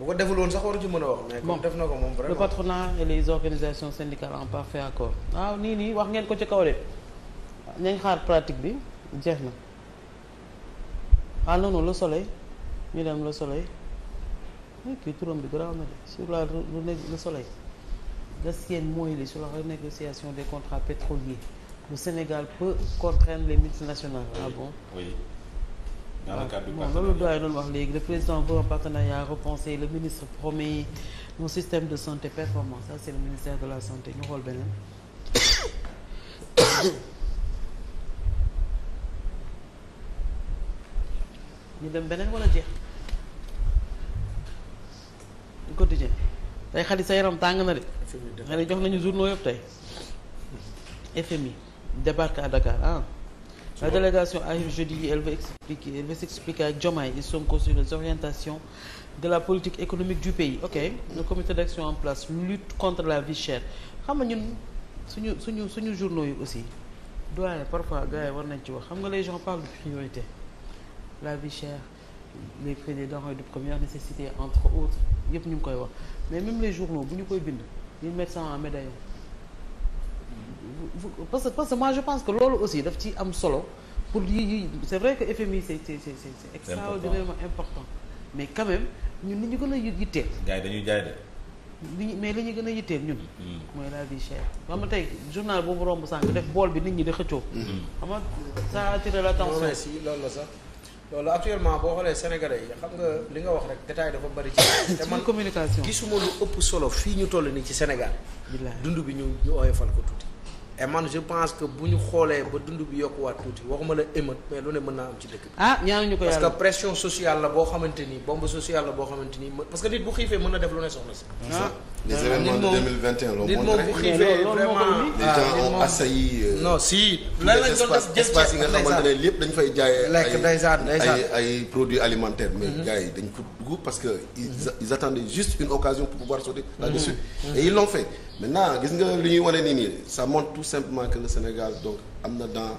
bu ko deful woon sax waru ci mën a wax. mais comme def na ko moom vraiment. le patronat et les organisations syndicales en parfait accord waaw ah, nii nii wax ngeen ko ci kaw de nañ xaar pratique bi jeex na ah non non le soleil ñu dem le soleil kii turam bi garaaw na de sur la le soleil Gassiène Moïli sur la renégociation des contrats pétroliers Sénégal peut contraindre les multinationales. ah bon dans le cadre du partenariat loolu doy doon wax léegi le président veut un partenariat repensé le ministre promet un système de santé performant ça c'est le ministère de la santé ñu xool beneen. ñu dem beneen wala jeex. du quotidien tey xarit sa yaram tàng na de. FMI jox nañu journaux yëpp tey. FMI débarque Dakar ah. la délégation arrive jeudi elle va expliquer elle va s'expliquer avec Diomaye et Sonko sur orientations de la politique économique du pays ok le comité d'action en place lutte contre la vie chère xam nga ñun suñu suñu suñu journaux yi aussi doyen parfois gars yi war nañ ci wax xam nga les gens parlent de priorité la vie chère les prix des denrées de première nécessité entre autres yëpp ñu ngi koy wax mais même les journaux bu ñu koy bind ñu mettre ça en médaillon parce que parce que moi je pense que loolu aussi daf ci am solo pour yi yi c'est vrai que FMI c'est c'est c'est c'est extraordinairement important mais quand même ñun li ñu gën a yitteel. gars yi dañuy jaay de. li mais li ñu gën a yitteel ñun. Hmm. mooy la vie chère. xam nga tey journal boobu romb sànq def bool bi nit ñi di xëccoo. Hmm. xam nga ça a attiré l'attention. si loolu la sax loolu actuellement boo xoolee sénégalais yi xam nga li nga wax rek détail dafa bari ci. te man communication gisuma lu ëpp fii ñu toll nii ci Sénégal. dund bi ñu ñu oyofal ko tuuti. et man je pense que bu ñu xoolee ba dund bi yokkuwaat tuuti waxuma la émeute mais lu ne mën naa am ci dëkk bi. Ah, ko yàlla parce que pression sociale la boo xamante ni bombe sociale la boo xamante ni parce que nit bu xiifee mën na def lu ne soxla si. ah les ah, événements de 2021 l'ont montré nit moom bu xiifee vraiment les ah, gens ont euh, si. la lañ doon def jël espace yi nga xamante ne lépp dañ fay jaay lekk ndeysaan ndeysaan ay produit produits alimentaires. mais mhm. gars yi dañ ko. goût parce que ils, mhm. ils attendaient juste une occasion pour pouvoir sauter mhm. là-dessus mhm. et ils l'ont fait maintenant gis nga li ñuy wane nii nii ça montre tout simplement que le Sénégal donc am na dans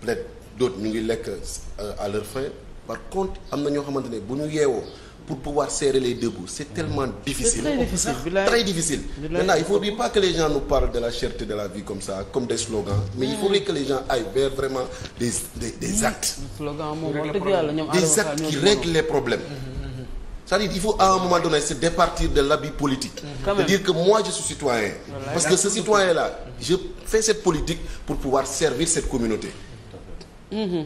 peut-être d'autres ngi lekk euh, à leur faim par contre am na ñoo xamante ne bu ñu yeewoo pour pouvoir serrer les deux bouts c'est tellement difficile très difficile très difficile maintenant il faudrait pas que les gens nous parlent de la cherté de la vie comme ça comme des slogans mais il faudrait c'est-à-dire il faut à un moment donné se départir de l'habit politique c'est-à-dire mm-hmm. que moi je suis citoyen parce que ce citoyen là je fais cette politique pour pouvoir servir cette communauté mm-hmm.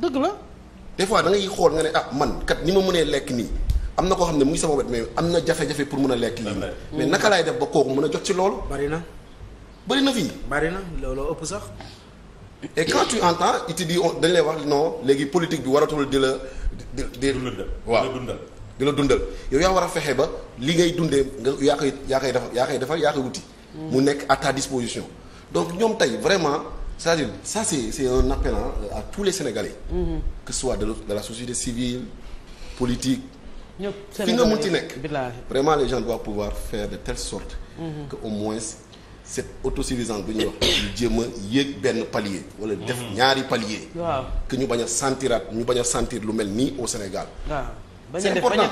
dëgg la des fois da ngay xool nga ne ah man kat ni ma mënee lekk nii am na koo xam ne mu ngi sama wet mais am na jafe-jafe pour mën a lekk lii mais naka laay def ba kooku mën a jot ci loolu bari na bari na fii bari na looloo ëpp sax et quand tu entends il te dit dañ lay wax non léegi politique bi waratul di la di di waaw dundal di la dundal yow yaa war a fexe ba li ngay dundee nga yaa koy yaa koy defar yaa koy defar yaa koy wuti. mu nekk à ta disposition. donc ñoom tey vraiment c'est-à-dire ça c'est c'est un appel à tous les Sénégalais. Mmh. que ce soit de de la société civile politique. fi nga mun ci nekk vraiment les gens doivent pouvoir faire de telle sorte. Mmh. que au moins cette autosuffisance bu ñuy wax ñu jéem a yéeg benn palier. wala def mm-hmm. ñaari palier. waaw que ñu bañ a sentiraat ñu bañ a sentir lu mel nii au Sénégal. c'est important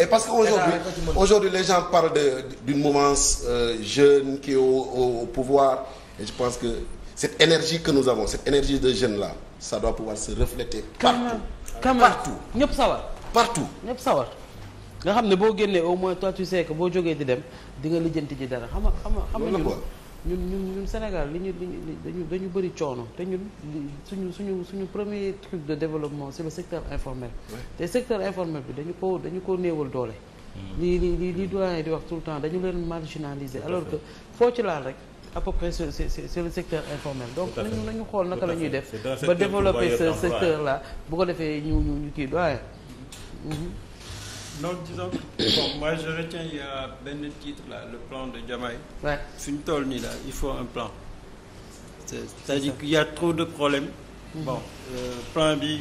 et parce que aujourd'hui aujourd'hui les gens parlent de d'une mouvance euh, jeune qui est au, pouvoir et je pense que cette énergie que nous avons cette énergie de jeune là ça doit pouvoir se refléter partout quand même partout ñëpp sawar partout ñëpp sawar nga xam ne boo génnee au moins toi tu sais boo jógee di dem di nga lijjanti ji dara xam nga xam nga xam ñun ñun ñun Sénégal li ñu dañu dañu bëri coono te ñun suñu suñu suñu premier truc de développement c'est le secteur informel te secteur informel bi dañu ko dañu ko néewal doole hmm. li li li li doyen di wax tout le temps dañu leen marginaliser alors que foo ci laal rek à peu près c'est c'est le secteur informel donc nañu nañu xool naka la ñuy def ba développer ce secteur là bu ko defee ñu ñu ñu kii doyen hmm. non disons bon moi je retiens il y a benn titre là le plan de Diomaye. waaw fi ñu nii là il faut un plan. c' est à dire qu'il y a trop de problèmes. Mm-hmm. bon euh, plan bi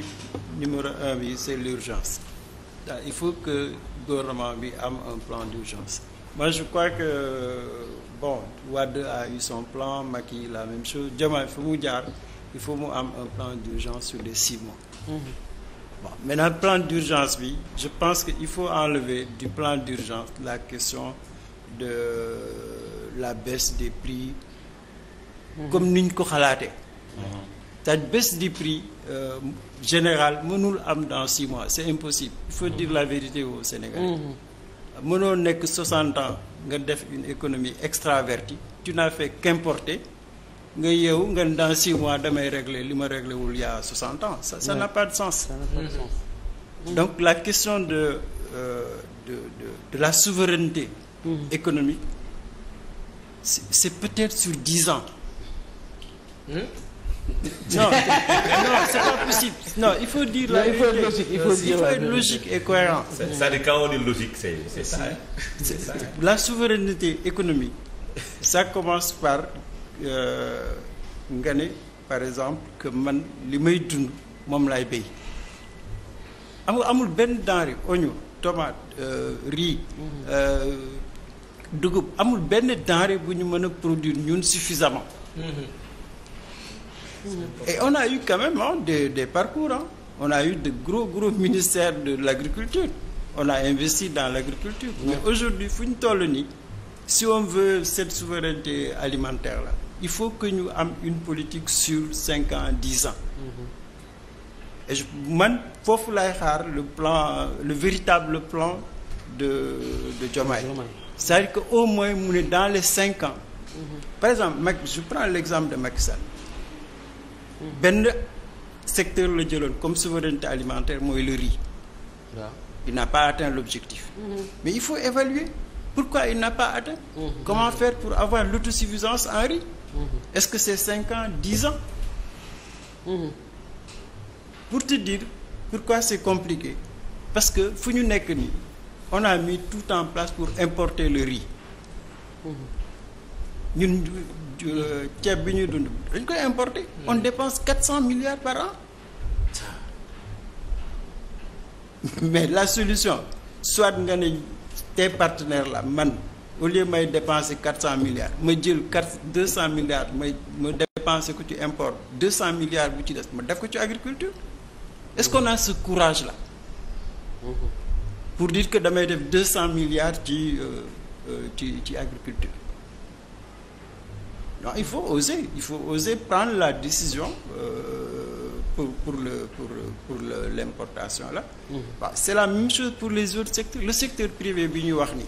numéro un bi c' est l'urgence il faut que gouvernement bi am un plan d'urgence moi je crois que bon Wade a eu son plan Macky la même chose Diomaye fu mu jaar il faut mu am un plan d'urgence sur les six mois. Mm-hmm. mais maintenant plan d'urgence bi je pense que il faut enlever du plan d'urgence la question de la baisse des prix mmh. comme niñ ko xalaatee mhm. ta baisse du prix euh, général mënul am dans six mois c'est impossible il faut dire la vérité aux Sénégalais mhm. mënoo nekk soixante ans nga def une économie extravertie tu n'as fait qu'importer nga yeewu nga dans six mois damay régler li ma réglé wul y a soixante ans ça ça n'a pas de sens mm-hmm. donc la question de euh, de de de la souveraineté mm-hmm. économique c'est peut-être sur dix ans hmm? non non c'est pas possible non il faut dire la il faut être logique il faut dire logique et cohérent c'est-à-dire quand on logique c'est ça commence par Euh, nga ne par exemple que man li may dund moom laay béy am amul benn denrée oignon tomate euh, riz euh, dugub amul benn denrée bu ñu mën a produire ñun suffisamment et on a eu quand même des des parcours hein. on a eu de gros gros ministères de l'agriculture on a investi dans l'agriculture mais aujourd'hui fu ñu toll nii si on veut cette souveraineté alimentaire la il faut que ñu am une politique sur cinq ans dix ans mm-hmm. et je man foofu lay xaar le plan le véritable plan de de Diomaye c'est-à-dire au moins mu dans les cinq ans mm-hmm. par exemple Mac je prends l'exemple de Macky Sall mmh. benn secteur la jëloon comme souveraineté alimentaire mooy le riz yeah. il n'a pas atteint l'objectif mm-hmm. mais il faut évaluer pourquoi il n'a pas atteint mhm. comment faire pour avoir l'autosuffisance en riz mhm. est-ce que c'est cinq ans dix ans mhm. pour te dire pourquoi c'est compliqué parce que fu ñu nekk nii on a mis tout en place pour importer le riz ñun euh, ceeb bi ñuy dund dañ koy importer on dépense quatre cent milliards par an mais la solution soit nga ne te partenaires la man au lieu may dépenser quatre cent milliards ma jël quatre deux cent milliards may ma dépenser ko ci import deux cent milliards bu ci des ma def ko ci agriculture est-ce qu'on a ce courage là pour dire que damay def deux cent milliards ci euh, euh, ci ci agriculture non il faut oser il faut oser prendre la décision euh, pour pour le pour pour l'importation là. waaw mhm. c'est la même chose pour les autres secteurs le secteur privé bi ñu wax ni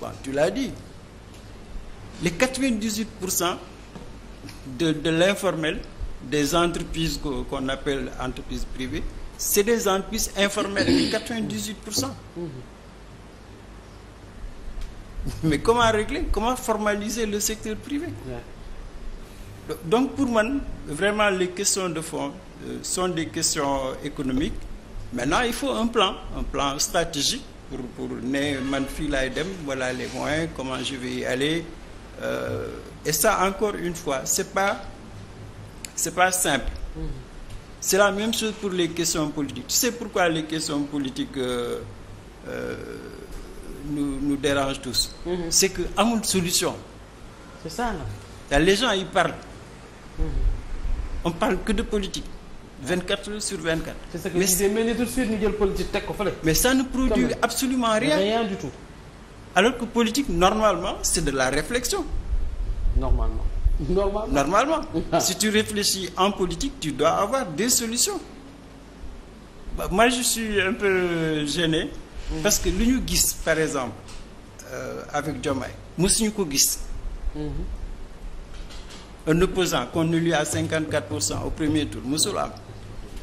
bon tu l'as dit les quatre-vingt-dix-huit pour cent de de l'informel des entreprises qu'on appelle entreprises privées c'est des entreprises informelles les quatre-vingt-dix-huit pour cent. Mhm. mais comment régler comment formaliser le secteur privé. donc pour man vraiment les questions de fond euh, sont des questions économiques maintenant il faut un plan un plan stratégique pour pour ne man fii laay dem voilà les moyens comment je vais y aller euh, et ça encore une fois c'est pas c'est pas simple mm-hmm. c'est la même chose pour les questions politiques tu sais pourquoi les questions politiques euh, euh nous nous dérangent tous mm-hmm. c'est que amul solution c'est ça là les gens ils parlent on parle que de politique. 24 heures sur vingt c'est ce que mais, disais, mais tout de suite ñu jël politique teg ko fële. mais ça ne produit absolument rien. alors que politique normalement c'est de la réflexion. normalement. normalement normalement. si tu réfléchis en politique tu dois avoir des solutions. Bah, moi je suis un peu gêné. parce que li ñu gis par exemple euh, avec Diomaye mosuñu ko gis. Mm-hmm. un opposant qu'on élit à 54 pour cent au premier tour musul am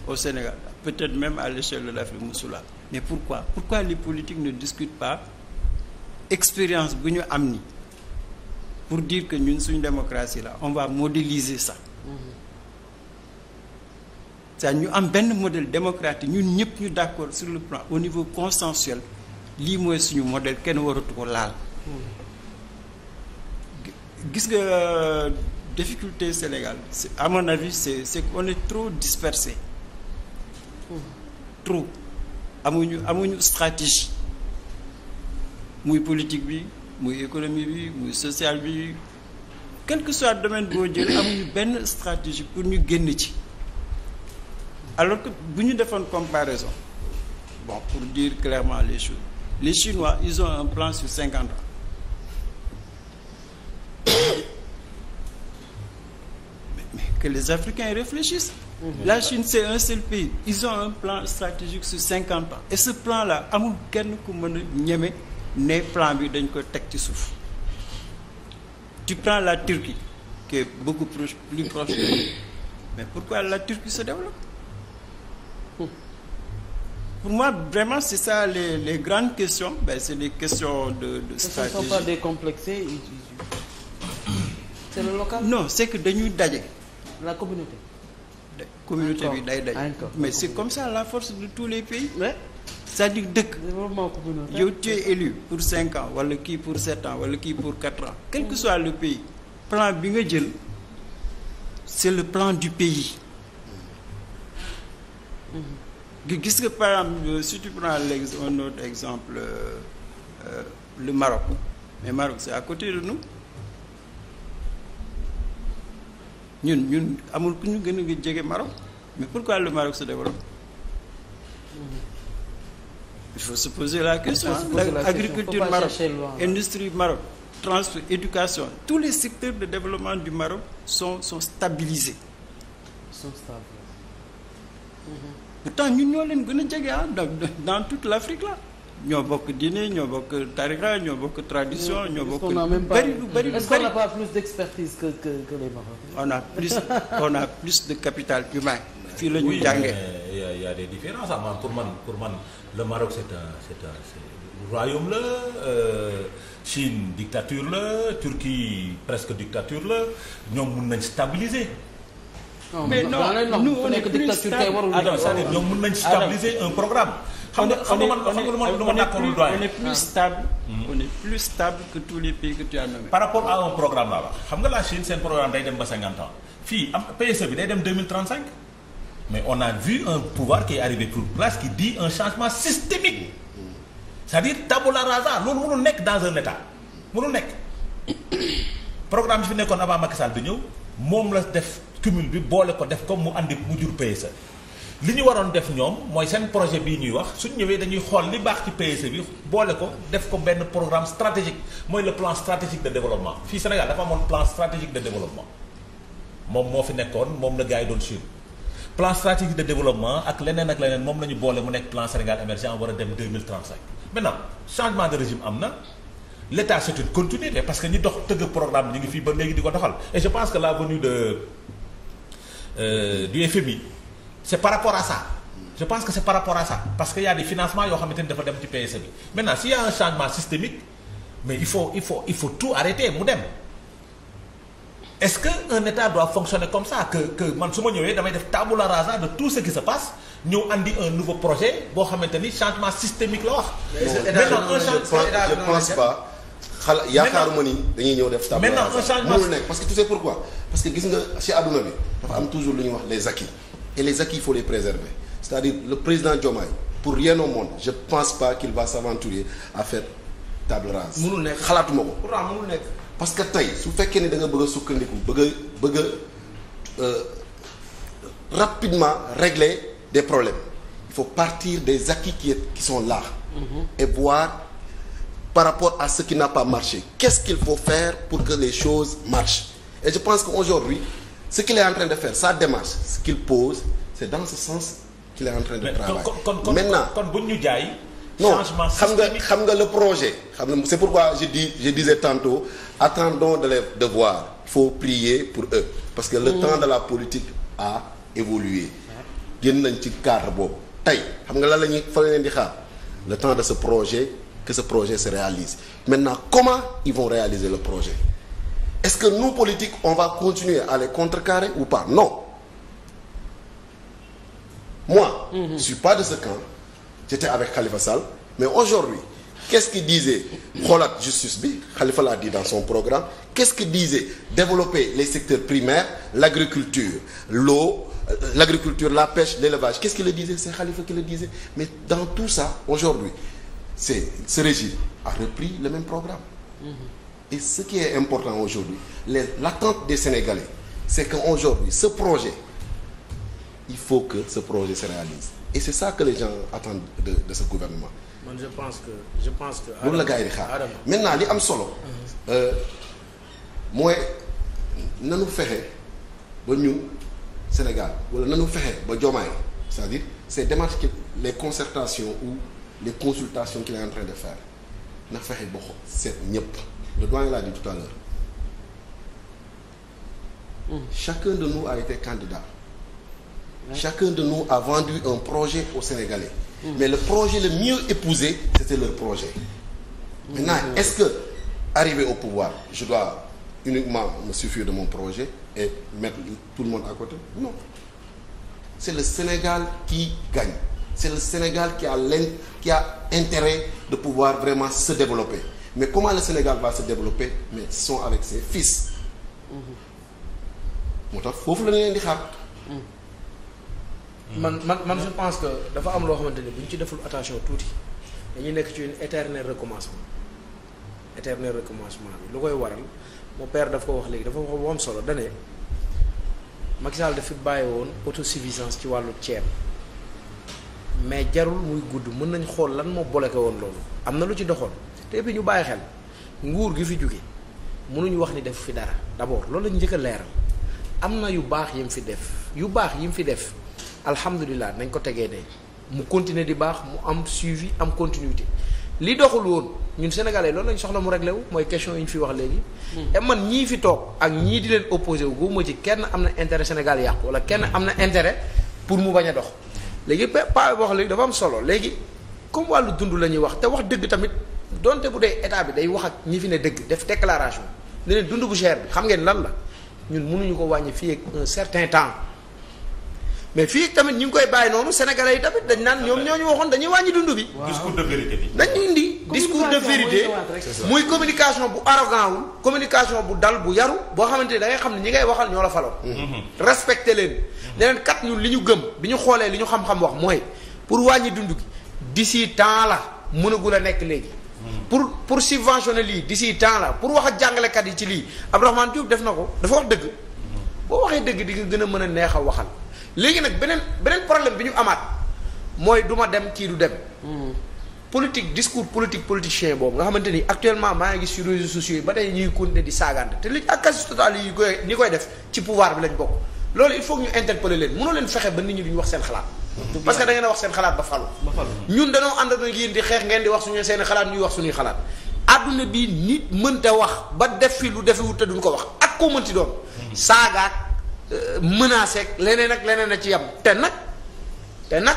au Sénégal peut-être même à l'échelle de l'Afrique musul am mais pourquoi pourquoi les politiques ne discutent pas expérience bu ñu am ni pour dire que ñun suñu démocratie la on va modéliser ça ça ñu am benn modèle démocratique ñun ñëpp ñu d'accord sur le plan au niveau consensuel lii mooy suñu modèle kenn waratu ko laal gis nga difficulté Sénégal c'est, à mon avis c'est c'est qu'on est trop dispersé trop amuñu amuñu stratégie muy politique bi muy économie bi muy sociale bi quelque que soit domaine boo jël amuñu benn stratégie pour ñu génne ci alors que bu ñu defoon comparaison bon pour dire clairement les choses les Chinois ils ont un plan sur cinquante ans que les Africains réfléchissent. Mhm. La Chine c'est un seul pays ils ont un plan stratégique sur cinquante ans et ce plan là amul kenn ku mën a ñeme plan bi dañ ko teg ci suuf tu prends la Turquie qui est beaucoup plus proche de nous mais pourquoi la Turquie se développe pour moi vraiment c'est ça les les grandes questions ben c'est des questions de de non c'est que dañuy daje. la communauté. de communauté bi day daj. mais c'est comme ça la force de tous les pays. oui c'est-à-dire dëkk. yow tu es élu pour cinq ans wala kii pour sept ans wala kii pour quatre ans. quel que soit le pays plan bi nga jël c'est le plan du pays. Mm-hmm. gis nga par exemple euh, si tu prends un autre exemple euh, euh, le Maroc mais Maroc c'est à côté de nous. ñun ñun amul ku ñu gën a jege Maroc mais pourquoi le Maroc se développe il faut se poser la question l'agriculture Maroc industrie Maroc transport éducation tous les secteurs de développement du Maroc sont sont stabilisés sont stabilisés pourtant ñun ñoo leen gën a jege ah dans tout l'Afrique là ñoo bokk diine ñoo bokk tarixa ñoo bokk tradition ñoo bokk. bari lu bari lu bari n'a pas plus d'expertise que que on a plus on a plus de capital humain. fii la ñu jàngee y a des différences ah man pour man pour man le Maroc c'est un c'est un c'est royaume la euh, Chine dictature la Turquie presque dictature la ñoom mun nañ stabiliser. mais non non non non non non non non non non non non non non non non non xam nga xam nga man xam nga lu ma lu ma nàkkoonul doyen. on est plus stable. Hmm. on est plus stable que tous les pays laa wax seen programme day dem ba 50 ans fii am PSE bi day dem mais on a vu un pouvoir qui est arrivé pour place qui dit un changement systémique c'est-à-dire tabula rasa loolu mënul nekk dans un état mënul nekk programme bi fi nekkoon avant Macky Sall di ñëw moom la def cumul bi boole ko def ko mu andi mu jur PSE. li ñu waroon def ñoom mooy seen projet bii ñuy wax suñ ñëwee dañuy xool li baax ci PSE bi boole ko def ko benn programme stratégique mooy le plan stratégique de développement fii Sénégal dafa amoon plan stratégique de développement moom moo fi nekkoon moom la gars yi doon suivre plan stratégique de développement ak leneen ak leneen moom la ñu boole mu nekk plan Sénégal émergent war a dem 2035 maintenant changement de régime am na l' état c' parce que ñi dox tëgg programme ñu ngi fii ba léegi di ko doxal je pense que la venue de euh, c'est par rapport à ça je pense que c'est par rapport à ça parce que y a des financements yoo xamante ni dafa dem ci PSE bi maintenant s'il y a un changement systémique mais il faut il faut il faut tout arrêter mu dem est-ce que un état doit fonctionner comme ça que que man su ma ñëwee damay def tabula rasa de tout ce qui se passe ñëw andi un nouveau projet boo xamante ni changement systémique la wax. maintenant un changement je pense pas. xala yaakaaruma ni dañuy ñëw def. tabula rasa mënul nekk parce que tu sais lu ñuy wax les acquis. et les acquis il faut les préserver c'est-à-dire le président Diomaye pour rien au monde je pense pas qu'il va s'aventurer à faire table rase. mënul nekk xalaatuma ko. pourtant mënul nekk. parce que tey su fekkee ne da nga bëgg a sukkandiku bëgg a bëgg a euh, rapidement régler des problèmes il faut partir des acquis qui qui sont là. Mhm. et voir par rapport à ce qui n'a pas marché qu'est-ce qu'il faut faire pour que les choses marchent et je pense qu'aujourd'hui ce qu'il est en train de faire sa démarche ce qu'il pose c'est dans ce sens qu'il est en train de travailler maintenant kon buñ ñu jaay non xam nga xam nga le projet xam nga c'est pourquoi je dis je disais tantôt attendons de les de voir il faut pour eux parce que le mm. temps de la politique a évolué génn nañ ci cadre boobu tey xam nga lan la ñuy fa leen di xaar le temps de ce projet que ce projet se réalise maintenant comment ils vont réaliser le projet est-ce que nous politiques on va continuer à les contrecarrer ou pas non moi mm -hmm. je suis pas de ce camp j'étais avec Khalifa Sall mais aujourd'hui qu'est-ce qu'il disait xoolaat justice bi Khalifa l'a dit dans son programme qu'est-ce qu'il disait développer les secteurs primaires l'agriculture l'eau euh, l'agriculture la pêche l'élevage qu'est-ce qu'il le disait c'est Khalifa qui le disait mais dans tout ça aujourd'hui c'est ce régime a repris le même programme mhm. Et ce qui est important aujourd'hui, l'attente des Sénégalais, c'est qu'aujourd'hui, ce projet, il faut que ce projet se réalise. Et c'est ça que les gens attendent de, de ce gouvernement. Man, je pense que. Je pense que Adam, Adam. Maintenant, li am solo. Mhm. Euh, mooy nanu fexe ba ñun Sénégal wala nanu fexe ba Diomaye c'est-à-dire ces démarches qui les concertations ou les consultations qu'il est en train de faire na fexe ba xool seet ñëpp. le doyen l'a dit tout à l'heure mmh. chacun de nous a été candidat chacun de nous a vendu un projet aux Sénégalais mmh. mais le projet le mieux épousé c'était leur projet maintenant hmm. est-ce que arriver au pouvoir je dois uniquement me suffire de mon projet et mettre tout le monde à côté non c'est le Sénégal qui gagne c'est le Sénégal qui a l'in qui a intérêt de pouvoir vraiment se développer mais comment le Sénégal va se développer mais sont avec ses fils. moo tax foofu la leen di xaar. Hmm. man man man je pense que dafa am loo xamante ni bu ñu ci deful attention tuuti dañuy nekk ci une éternel recommencement éternel recommencement bi lu koy waral mon per daf ko wax léegi dafa wax bu am solo dane Macky Sall dafi bàyyi woon autosuffisance ci wàllu ceeb mais jarul muy gudd mën nañ xool lan moo bloqué woon loolu am na lu ci doxoon te bi ñu bàyyi xel nguur gi fi jóge mënuñu wax ni def fi dara d'abord loolu lañu njëkk a leeral am na yu baax yi mu fi def yu baax yi mu fi def alhamdulilah nañ ko tegee de mu continuer di baax mu am suivi am continuité li doxul woon ñun sénégalais lool lañ soxla mu réglé wu mooy question yi ñu fi wax léegi. Hmm. te man ñii fi toog ak ñii di leen opposé wu góob ci kenn am na intérêt Sénégal yàqu wala kenn am na intérêt pour mu bañ a dox léegi pa wax léegi dafa am solo léegi comme wàllu dund la ñuy wax te wax dëgg tamit. donte bu dee état bi day wax ak ñi fi ne dëgg def déclaration ne leen dund bu cher bi xam ngeen lan la ñun munuñu ko wàññi fii ak un temps mais fii tamit ñu ngi koy bàyyi noonu sénégalais yi tamit dañ naan ñoom ñoo ñu waxoon dañuy wàññi dund bi. discours de vérité bi. dañu indi discours de vérité muy communication bu arrogant wul communication bu dal bu yaru boo xamante ni da ngay xam ne ñi ngay waxal ñoo la faloon. Mm-hmm. respecté leen. ne leen kat ñun li ñu gëm bi ñu xoolee li ñu xam wax mooy pour wàññi dund gi d'ici temps la mënagul a nekk léegi. pour pour subventionner lii di si temps la pour wax ak jàngalekat yi ci lii Abdourahmane Diouf def na ko dafa wax dëgg boo waxee dëgg di nga gën a mën a neex a waxal léegi nag beneen beneen problème bi ñu amaat mooy duma ma dem kii du dem hmm. politique discours politique politicien boobu nga xamante ni actuellement maa ngi gis sur réseaux sociaux yi ba tey ñuy continuer di saagante te li ak quasi total yi koy ñi koy def ci pouvoir bi lañ bokk loolu il faut que ñu interpeller leen mënoo leen fexe ba nit ñi duñu wax seen xalaat parce que da wax seen xalaat ba falu ñun dañoo ànd ak yéen di xeex ngeen di wax suñu seen xalaat ñuy wax suñuy xalaat àdduna bi nit mënta wax ba def fi lu defewut te duñ ko wax ak koo mënti doon saagaak euh, menacé ak leneen ak leneen a ci yam te nag te nag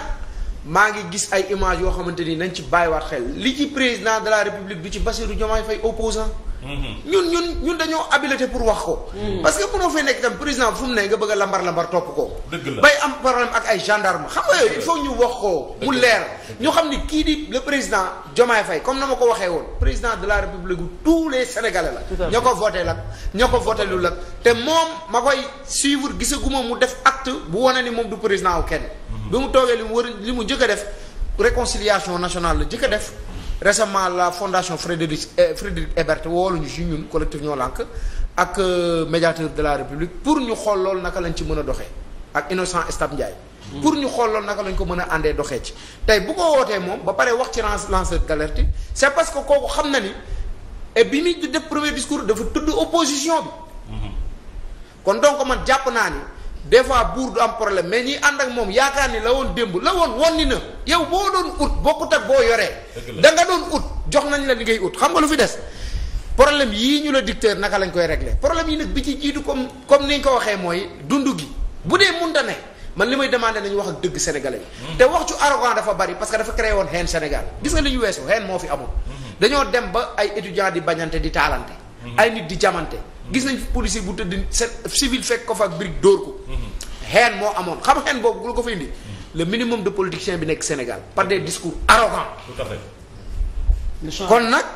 maa ngi gis ay image yoo xamante ni nañ ci bàyyiwaat xel li ci président de la république du ci Bassirou Diomaye Faye opposant ñun ñun ñun dañoo habilité pour wax ko. Hmm. parce que mënoo fee nekk tam président fu mu ne nga bëgg a lambar lambar topp ko. dëgg la bay am problème ak ay gendarme xam nga yooyu il ñu wax ko. mu leer ñu xam ni kii di le président Diomaye fay comme na ma ko waxee woon président de la république bu tous les sénégalais la. ñoo ko voté lak ñoo ko voté lu lag te moom ma koy suivre gisaguma mu def acte bu wane ni moom du président wu kenn. Hmm. bi mu toogee li mu war li mu njëkk a def réconciliation nationale la njëkk a def. récemment la fondation Frédéric eh, Frédéric Ebert wooluñu si ñun collectif ñoo lànk ak euh, médiateur de la république pour ñu xool loolu naka lañ ci mën a doxee ak Innocent Estap Ndiaye hmm. pour ñu xool loolu naka lañ ko mën a àndee doxee ci tey bu ko wootee moom ba pare wax ci lanceur d'alerte c'est parce que kooku xam na ni et eh, bi muy def premier discours dafa tudd opposition bi hmm. kon donc man jàpp naa ni des fois buur du am problème mais ñi ànd ak moom yaakaar ni la woon démb la woon wonni na yow boo doon ut bokkut ak boo yoree da nga doon ut jox nañ la liggéey ngay ut xam nga lu fi des problème yii ñu la dicteur naka lañ koy régler problème yi nag bi ci jiitu comme comme ni ñu ko waxee mooy dund gi bu dee munta ne man li may demandé nañu wax ak dëgg sénégalais yi te wax ci arrogant dafa bari parce que dafa créé woon haine Sénégal gis nga li ñu weesu haine moo fi amul mhm. dañoo dem ba ay étudiants di bañante di taalante mhm. ay nit di jamante gis nañ policier bu tëdd civil fekk ko fa ak brique dóor ko. xeen moo amoon xam xeen boobu lu ko fa indi. le minimum de politicien bi nekk Sénégal par des discours arrogants. tout à kon nag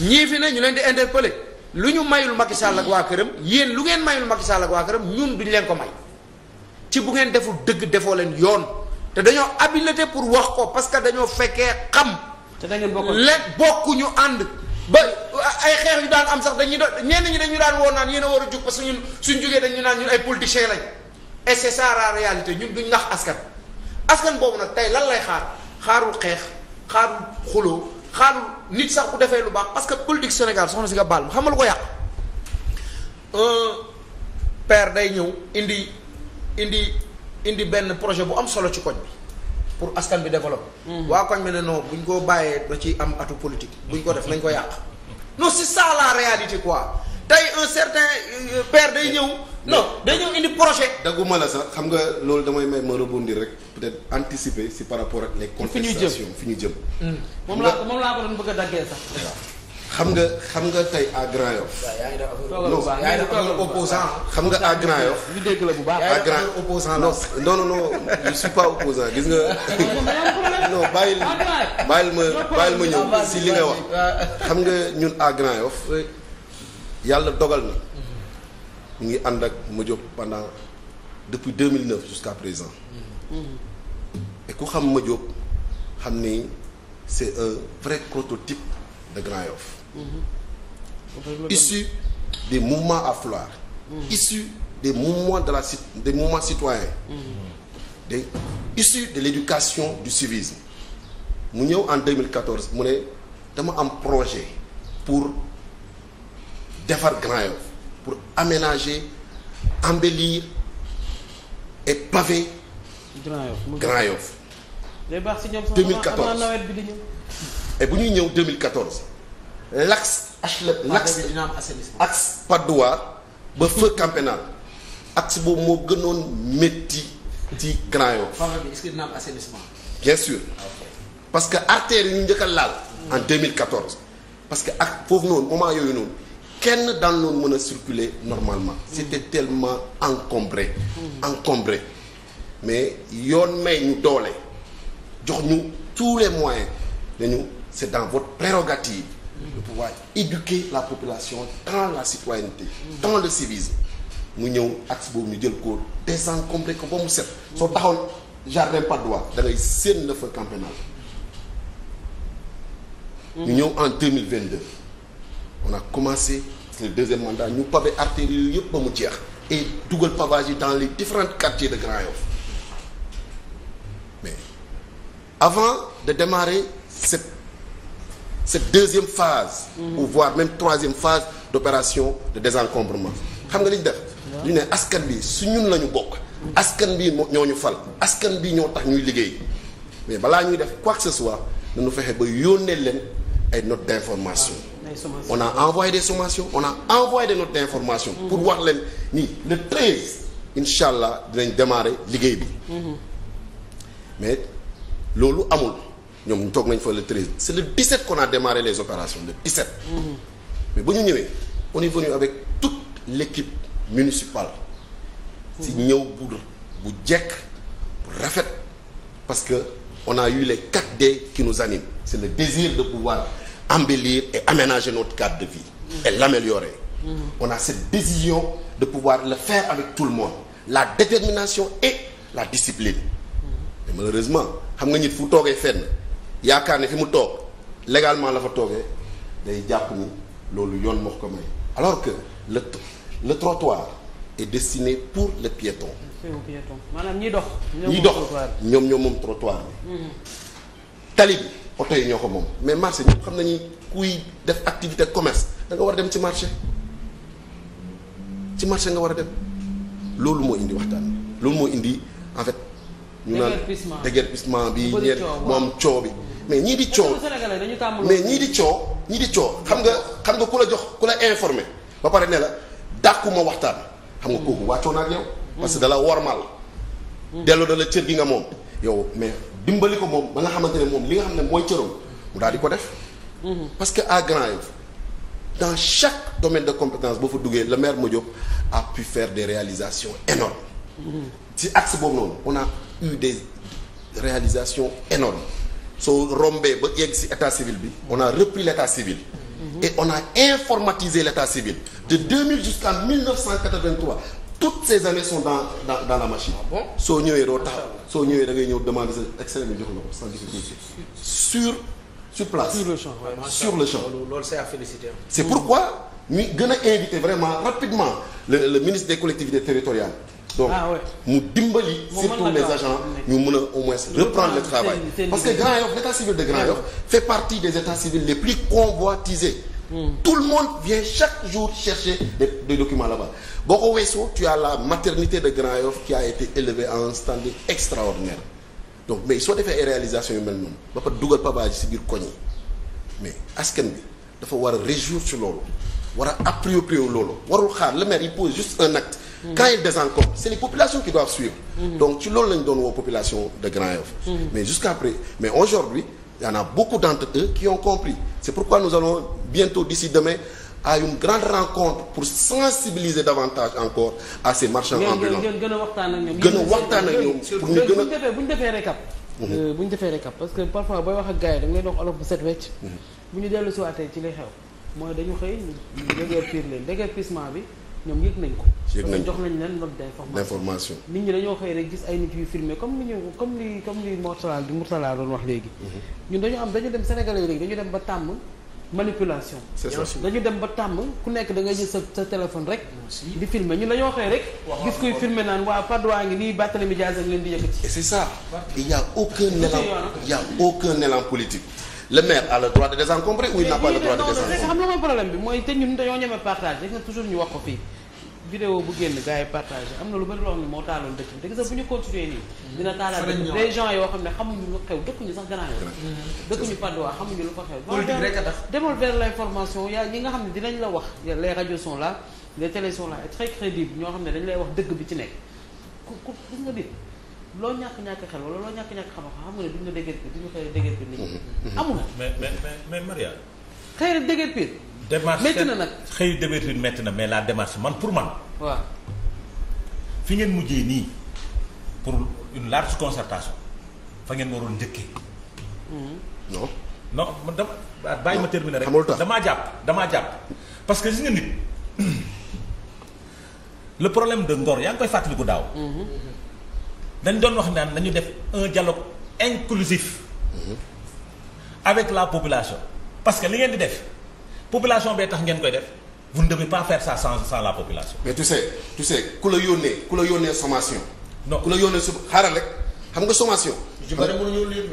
ñii fi ne ñu leen di interpeller lu ñu mayul Macky Sall ak waa këram yéen lu ngeen mayul Macky Sall ak waa këram ñun duñ leen ko may ci bu ngeen deful dëgg defoo leen yoon te dañoo habilité pour wax ko parce que dañoo fekkee xam. te da ngeen bokk leen bokk ñu ànd ba. ay xeex yu daan am sax dañuy doon ñenn ñi dañu daan woon naan yéen a war a jug parce que ñun suñ jugee dañu naan ñun ay politiciens lañ et c'est ça la réalité ñun duñ nax askan askan boobu nag tey lan lay xaar xaarul xeex xaarul xuloo xaarul nit sax bu defee lu baax parce que politique Sénégal soxna si nga baal ma xam nga lu ko yàq un day ñëw indi indi indi benn projet bu am solo ci koñ bi pour askan bi développé. Mm-hmm. waa koñ bi ne non buñ koo bàyyee da ci am atu politique. buñ ko def nañ ko yàq. non c'est ça la réalité quoi tey un certain euh, père day ñëw. non day ñëw indi projet. dagguma la sax xam nga loolu damay may ma rebondir rek peut-être anticiper si par rapport ak les. contestations fi ñu jëm fi ñu jëm. moom laa moom laa ko doon bëgg a daggee sax. xam nga xam nga tey à Grand Yoff. opposant xam nga à Grand Yoff. ñu bu baax à Grand opposant non non non je suis gis nga. non bàyyil bàyyil ma bàyyil ma ñëw si li nga wax. xam nga ñun à Grand Yoff yàlla dogal na. ñu ngi ànd ak ma jóg pendant depuis 2009 jusqu'à présent. Mm-hmm. ku xam ma jóg xam ni c'est un vrai prototype de Grand Yoff. Mm-hmm. issu des mouvements à fleurs. Mm-hmm. issu des mouvements de la des mouvements citoyens. Mm-hmm. des issu de l'éducation du civisme mu ñëw en 2014 mu ne dama am projet pour defar Grand Yoff pour aménager embellir et paver. Grand Yoff et bu ñuy ñëw 2014. l'axe HLM l'axe axe Patte d'Oie ba feu Camp Pénal boobu moo gënoon métti ci Grand Yoff. est-ce que dina bien sûr parce que artères yi ñu njëkk a laal. en parce que ak foofu noonu moment yooyu noonu kenn daan loon mën a circuler normalement. Mm. c'était tellement encombré. encombré mais yoon may ñu doole jox ñu tous les moyens dañu c'est dans votre prérogative. de pouvoir éduquer la population dans la citoyenneté dans le civisme mu ñëw axe boobu ñu jël ko désencombré ko ba mu set soo taxaw jardin Padois da ngay séen la fa campénage ñu ñëw en 2022 on a commencé le deuxième mandat ñu pavé artères yooyu yëpp ba mu jeex et dugal pavage yi dans les différents quartiers de Grand Yoff mais avant de démarrer cette deuxième phase mmh. ou voire même troisième phase d'opération de désencombrement xam nga li ñu def ñu ne askan bi su ñun la ñu bokk askan bi ñoo ñu fal askan bi ñoo tax ñuy liggéey mais balaa ñuy def quoi que ce soit nañu fexe ba yónnee leen ay notes d'information on a envoyé des sommations on a envoyé de notes d'information mhm. pour wax leen nii le 13 incha allah dinañ démarrer liggéey bi mhm. mais loolu amul ñoom toog nañ fa le 13 c'est le 17 qu'on a démarré les opérations mais ba ñu ñëwee on est venu avec toute l'équipe municipale. si jekk bu rafet parce que on a eu les 4D qui nous animent c'est le désir de pouvoir embellir et aménager notre cadre de vie. et l'améliorer. Mmh. on a cette décision de pouvoir le faire avec tout le monde la détermination et la discipline. Mmh. malheureusement xam nga ñit fu toogee fenn. yaakaar ne fi mu toog légalement la fa toogee day jàpp ni loolu yoon moo ko may alors que le le trottoir est destiné pour le piéton. maanaam ñi dox. ñi dox ñoom ñoom moom trottoir bi. Mm-hmm. tali bi oto yi ñoo ko moom mais marché ñëpp xam nañu kuy def activité commerce danga war a dem ci marché ci marché nga war a dem loolu moo indi waxtaan loolu moo indi en fait. ñu naan déguerpissement bi ñeent moom coow bi. mais ñii di coow mais ñii di coo ñii di coow xam nga xam nga ku la jox ku la informé ba pare ne la dàquma waxtaan xam nga kooku waa na ak yow. parce que dala wormal. Hmm. delloo na la cër gi nga moom. yow mais dimbali ko moom ba nga xamante ne moom li nga xam ne mooy cëram mu daal di ko def. Hmm. parce que à Grand Yoff dans chaque domaine de compétence boo fa duggee le maire Madiop a pu fair des réalisations énormes hmm. si axe boobu noonu on a eu des réalisations énormes soo rombee ba yegg si état civil bi on a repris l' civil. Mhm. et on a informatisé l' état civil. de 2000 jusqu' à 1983 toutes ces années sont dans dans dans la machine. Ah soo ñëwee doo tax soo ñëwee da ngay ñëw demande sa extrait bi jox la ko sans difficulté. sur sur place. sur le champ sur le champ. loolu c'est pourquoi ñu gën a invité vraiment rapidement le ministre des collectivités territoriales. donc ah mu dimbali surtout les agents ñu mën a au moins reprendre le travail que Grand Yoff l'état civil de Grand Yoff fait partie des états civils les plus convoitisés hmm. tout le monde vient chaque jour chercher des, des documents là boo ko weesoo tu as la maternité de Grand Yoff qui a été élevée à un standing extraordinaire donc mais soo defee ay réalisation yu mel noonu ba pare dugal pavage si biir koñ mais askan bi dafa war a réjouir ci loolu war a approprier loolu warul xaar le maire il pose juste quand ils désencombrent c'est les populations qui doivent suivre mm-hmm. donc ci loolu lañ doon woo population de Grand Yoff mm-hmm. mais jusqu'à après mais aujourd'hui il y en a beaucoup d'entre eux qui ont compris c'est pourquoi nous allons bientôt d'ici demain à une grande rencontre pour sensibiliser davantage encore à ces marchands ambulants gën a waxtaan ak gën a waxtaan ak ñoom pour ñu gën a defee bu ñu defee récap mm-hmm. euh, bu ñu defee récap parce que parfois booy wax ak gars yi da ngay dox olof bu set bi ñoom yëg nañ ko. yëg nañ ko jox nañ leen note d'information. nit ñi dañoo xëy rek gis ay nit yu filmé comme ni ñu comme li comme li Mourtala di Mourtala doon wax léegi. Mhm. ñun dañu am dañu dem Sénégalais yi léegi dañu dem ba tàmm manipulation. dañu dem ba tàmm ku nekk da ngay jël sa sa téléphone rek. di filmer ñun dañoo xëy rek. gis kuy filmer naan waa Patte d'Oie ngi nii Barthélémy Dias ak leen di yëkkati. et c'est ça il aucun élan il aucun élan politique. le maire a le droit n'a bi mooy te ñun dañoo toujours ñu wax ko fii vidéo bu génn gars yi partagé am na lu bari loo xam ne moo taaloon dëkk bi te gis bu ñu continuer nii. Mm-hmm. dina taalaat dëkk des gens yoo xam ne xamuñu lu xew dëkkuñu sax Grand Yoff. Mm-hmm. Mm-hmm. dëkkuñu Patte d'Oie xamuñu lu fa xew. politique l'information yaa ñi nga xam ne dinañ la wax les radios sont là les télés et très crédibles ñoo xam ne dañ lay wax dëgg bi ci nekk ku ku gis nga loo ñàkk ñàkk xel wala loo ñàkk ñàkk xam-xam xam nga ne duñ la dégg duñ la xëy dégg démarche métti na nag xëy d'habitude métti na mais la démarche man pour man. waaw fi ngeen mujjee nii pour une large concertation fa ngeen waroon njëkkee. Mm-hmm. non. non man dama bàyyi ma terminer rek damaa jàpp damaa jàpp parce que gis nga nit le problème de Ngor yaa ngi koy fàttali fàttaliku daaw. Mm-hmm. dañ doon wax naan nañu def un dialogue inclusif mm-hmm. avec la population parce que li ngeen di def. population bee tax ngeen koy def vous ne devez pas faire ça sans sans la population. mais tu sais tu sais ku la yónnee ku la yónnee sommation. non ku la yónnee su xaaral rek xam nga sommation.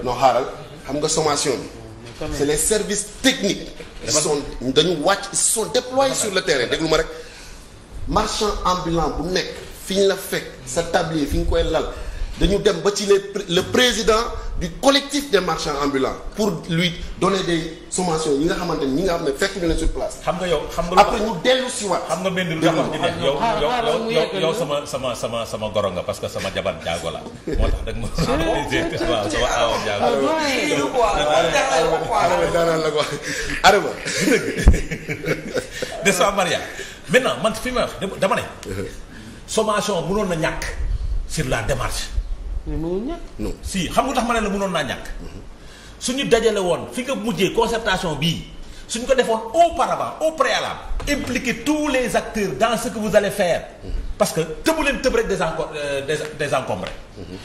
non xaaral xam nga sommation bi. c'est les service techniques. ils sont dañu wàcc ils sont déployés sur le terrain déglu ma rek marchand ambulant bu nekk fi ñu la fekk sa tablier fi ñu koy lal. dañu dem ba ci les le président du collectif des marchands ambulants pour lui donner des sommations yi nga xamante ñi nga xam ne fekk ñu leen sur xam nga yow xam nga après ñu dellu si waat. xam nga benn lu tax di nekk yow yow yow sama sama sama sama goro nga parce que sama jabar jaago la moo tax rek ma. waaw sama awoon jaago la. waaw la Maria maintenant ma wax dama ne. bu mënoon na ñàkk sur la démarche. mënul ñàkk. non si xam nga tax ma ne la mënoon naa ñàkk. ñu dajale woon fi nga mujjee concertation bii suñ ko defoon auparavant au préalable. impliquer tous les acteurs dans ce que vous allez faire. Mm-hmm. parce que tëbu leen tëb rek des encom euh, des des encombrés. Mm-hmm.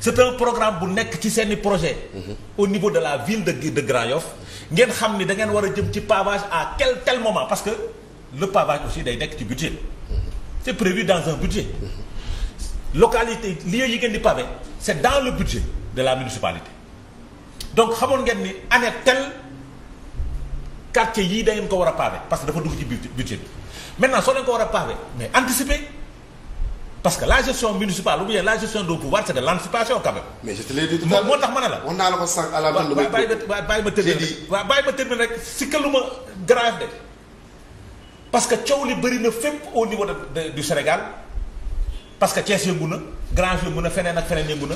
c'est un programme bu nekk ci seeni projet mm-hmm. au niveau de la ville de de Grand-Yoff ngeen xam ni da ngeen war a jëm ci pavage à quel tel moment parce que le pavage aussi day nekk ci budget c'est prévu dans un budget localité lieux yi ngeen di pavé c'est dans le budget de la municipalité donc xamoon ngeen ni année tel quartier yi da ngeen ko war a pavé parce que dafa dugg ci budget bi maintenant soo leen ko war a pavé mais anticiper parce que la gestion municipale ou bien la gestion du pouvoir c'est de l'anticipation quand même. mais je te l'ai dit tout à l'heure moo tax ma ne la. wax naa la ko sànq ma bàyyi ma terminer si kalu grave de parce que coow li bëri na fépp au niveau de du Sénégal. parce que Thiès yëngu na Grand yëngu na feneen ak feneen yëngu na.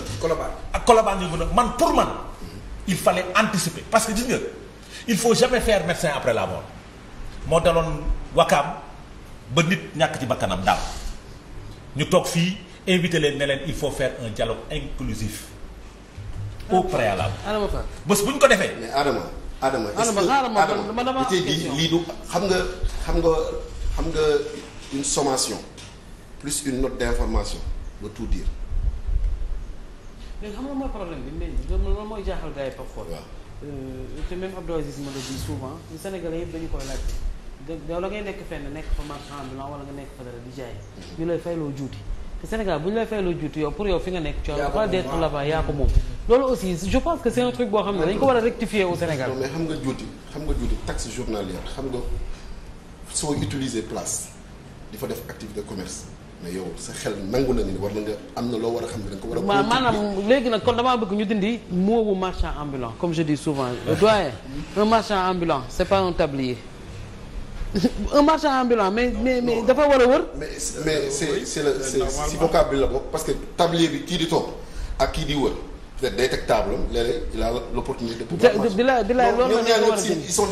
ak Colobane yëngu man pour man. il fallait anticiper parce que gis nga il faut jamais faire médecin après la mort moo daloon wakaam ba nit ñàkk ci bakkanam daal ñu toog fii invité leen ne il faut faire un dialogue inclusif au préalable. bés bu ñu ko defee. mais Adama Adama est-ce que Adama li tey di lii du xam nga xam nga xam nga une plus une note d'information ba tout dire. mais xam nga mooy problème bi mais loolu mooy jaaxal gars yi parfois. waaw euh, te même Abdou Aziz ma le dit souvent yëpp dañu koy laajte. la ngay nekk fenn nekk fa marchand nekk fa dara di jaay. Mhm. ñu lay fayloo juuti. te Sénégal bu ñu lay fayloo juuti yow pour yow fi nga nekk. tu as pas d'être là-bas yaa ko moom. loolu aussi je pense que c'est un truc boo xam ne dañ ko war a rectifier au Sénégal. mais xam nga juuti xam nga juuti taxe journalière xam nga soo utiliser place di fa def activité commerce. mais yow sa xel nangu na ni war na nga am na loo war a xam ne da ko war a. waaw maanaam léegi nag kon damaa bëgg ñu dindi moom marchand ambulant comme je dis souvent. doyen un marchand ambulant c'est pas un tablier. un marchand ambulant mais mais dafa war a wër. mais mais c'est c'est si vocable la bokk parce que tablier bi kii di toog ak kii di wër peut-être day teg table am di la di la loolu la ñu war a dindi ils sont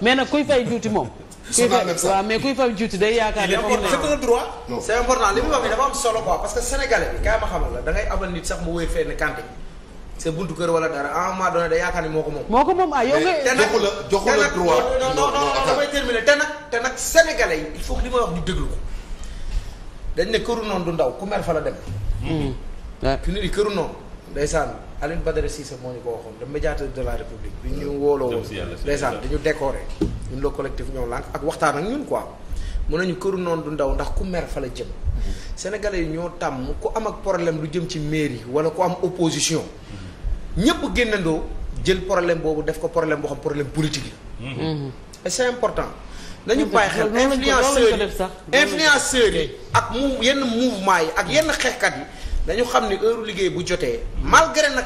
mais nag kuy fay juuti moom. waaw mais kuy fab juuti day yaakaar ne foofu c'est un droit c'est important li mu wax ni dafa am solo quoi parce que sénégalais bi kaay ma xamal la da abal nit sax mu wéy fenn kante c'est buntu kër wala dara à un moment donné day yaakaar ni moo ko moom moo ko moom ah yow nga joxu la joxu la droit te nag te nag sénégalais yi il faut que li may wax ñu déglu ko dañ ne këru noonu du ndaw ku mer fa la dem tu ne di këru noonu ndeysaan Alioune Badara Cissé moo ñu ko waxoon le médiateur de la république. bi ñu wooloo woon ndeysaan dañu décoré. ñun le collectif ñoo lànk ak waxtaan ak ñun quoi mun nañu këru noonu du ndaw ndax ku mer fa la jëm. Mhm. sénégalais yi ñoo tàmm ku am ak problème lu jëm ci mairie wala ku am opposition. Mhm. ñëpp génnandoo jël problème boobu def ko problème boo xam problème politique la. Mhm. et c'est important. nañu bàyyi xel influenceurs yi influenceurs yi ak mu yenn mouvement yi ak yenn xeexkat nañu xam ni heure liggéey bu jotee malgré nag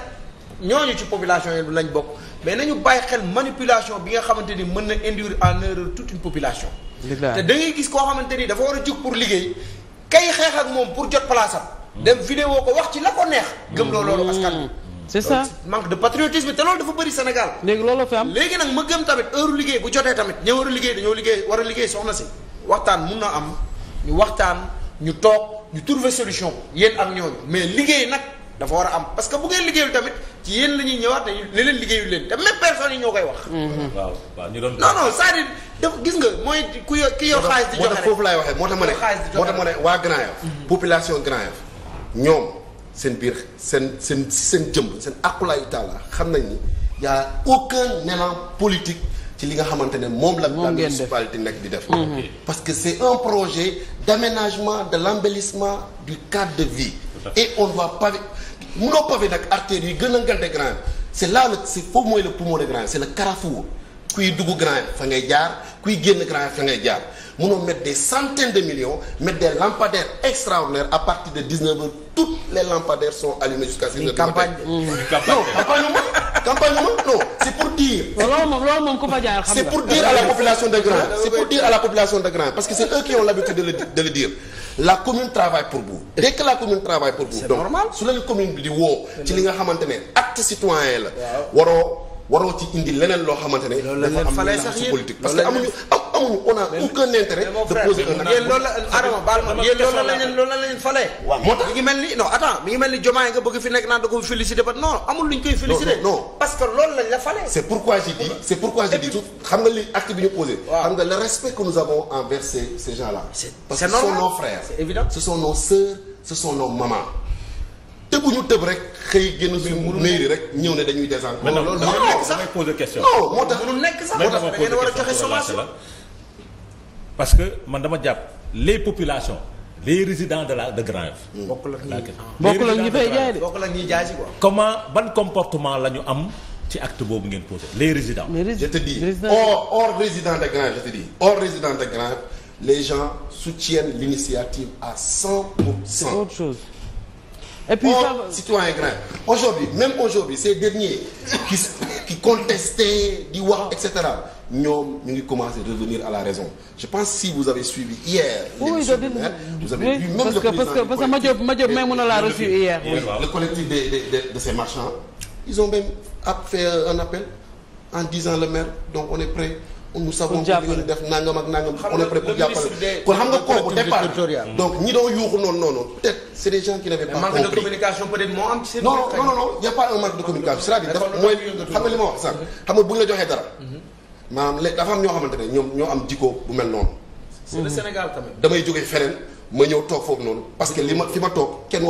ñooñu ci population yi lañ bokk mais nañu bàyyi xel manipulation bi nga xamante ni mën na induire en erreur toute une population. te da ngay gis koo xamante ni dafa war a jug pour liggéey kay xeex ak moom pour jot place am. dem vidéo ko wax ci la ko neex. gëm loo loolu askan wi. Mm. c'est ça manque de patriotisme te loolu dafa bëri Sénégal. léegi loolu fi am léegi nag ma gëm tamit heure liggéey bu jotee tamit ña a liggéey dañoo liggéey war liggéey soxna si waxtaan mun na am ñu waxtaan. ñu toog ñu trouver solution yéen ak ñooñu mais liggéey nag dafa war a am parce que bu ngeen liggéeyul tamit ci yéen la ñuy ñëwaat ne leen liggéeyul leen te même personnes yi ñoo koy wax. waaw waaw ñu doon. non non cest gis nga mooy ku yo ki yor xaalis di joxe rek foofu laay waxee moo tax ma ne moo tax waa Grand Yoff mm-hmm. population Grand Yoff ñoom seen biir seen seen seen jëm seen akulayu taala xam nañ ni yaa a aucun élan politique. ci li nga xamante ne moom la la municipalité nag di def mhm. parce que c'est un projet d'aménagement de l'embellissement du cadre de vie et on va paver munoo paver nag artères yi gën a ngal de Grand c'est là le c'est foofu mooy le poumon de Grand c'est le carrefour kuy dugg Grand fa ngay jaar kuy génn Grand fa ngay jaar mënoo mettre des centaines de millions mettre des lampadaires extraordinaires à partir de 19 heures toutes les lampadaires sont allumées jusqu'à 6 heures campagne non campagne ma campagne non c'est pour dire c'est pour dire à la population de Grand ah, c'est pour dire à la population de Grand parce que c'est eux qui ont l'habitude de le dire la commune travaille pour vous dès que la commune travaille pour vous donc su la commune bi di woo ci li nga xamante ne acte citoyen la waroo ci indi leneen loo xamante ne. dafa on a aucun intérêt loolu la Adama baal loolu la leen falee. waaw tax mi ngi mel ni non attends mi ngi mel ni Diomaye nga bëgg fi nekk naan da ko féliciter ba non amul luñ koy féliciter. non parce que loolu lañ la falee. c'est pourquoi j'ai c'est pourquoi j'ai tout xam nga li acte bi nous avons envers ces gens là. parce que ce nos frères. c'est évident ce nos sœurs ce nos mamans. tëbuñu tëb rek xëy génn suñu mairie rek ñëw ne dañuy descendre. maintenant loolu damay poser question. non moo tax lu nekk sax moo tax da parce que man dama jàpp les populations les résidents de la de Grand hmm. bokk bokkul ak ñi hmm. bokkul ak ñi fay jaay de comment ban comportement la ñu am ci acte boobu ngeen posé les résidents. je te dis hors hors résident de Grand résident de Grand les gens soutiennent l'initiative à 100 pour 100. c'est autre chose. et puis oh, ça citoyen grand aujourd'hui même aujourd'hui ces derniers qui qui contestaient di wax et cetera ñoom ñu ngi commencer de revenir à la raison je pense si vous avez suivi hier. oui je dis vous avez vu même parce le que parce que parce que Madiop l'a reçu hier. oui le collectif des des de ces marchands ils ont même appel en disant le maire donc on est prêt. nous savons que li ngeen def nangam ak nangam on est prêt pour jàppale kon xam nga kooku départ donc ñi doon yuuxu noonu noonu peut-être c'est des gens qui de communication am ci xam nga li ma nga la joxee am ñoo xamante ne ñoom ñoo am jikko bu mel noonu c'est le Sénégal que li ma fi ma toog kenn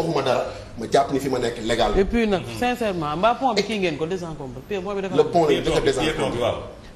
jàpp ni fi ma nekk légal et puis nag sincèrement mbaa pont bi kii ngeen ko désencombré le pont dafa désencombré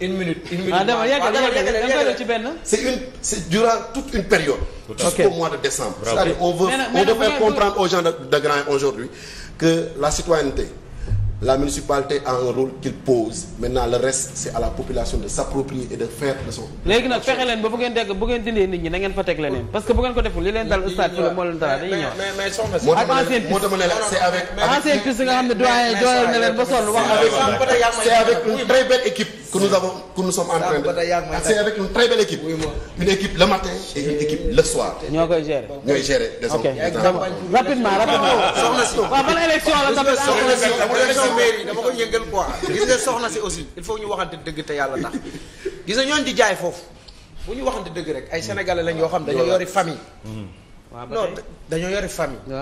une minute une ah, benn. c'est une c'est durant toute une période. ok jusqu'au mois de décembre. c'est-à-dire on veut de de aujourd'hui que la citoyenneté. la municipalité a un rôle qu'il pose maintenant le reste c'est à la population de s'approprier et de faire de son. léegi fexe leen ba bu ngeen dégg bu ngeen dindee ñi na fa teg leneen parce que bu ngeen ko deful li leen dal stade fële la c'est avec. ancien piste nga xam ne doyen c'est avec une très belle équipe que nous avons que nous sommes en train c'est avec une très belle équipe une équipe le matin et une équipe le soir. rapidement rapidement. soxna téeméer yi dama ko yëngal quoi gis nga soxna si aussi il faut ñu waxante dëgg te yàlla tax gis nga di jaay foofu bu ñu waxante dëgg rek ay sénégalais lañ yoo xam ne hmm. dañoo yori famille non dañoo yori famille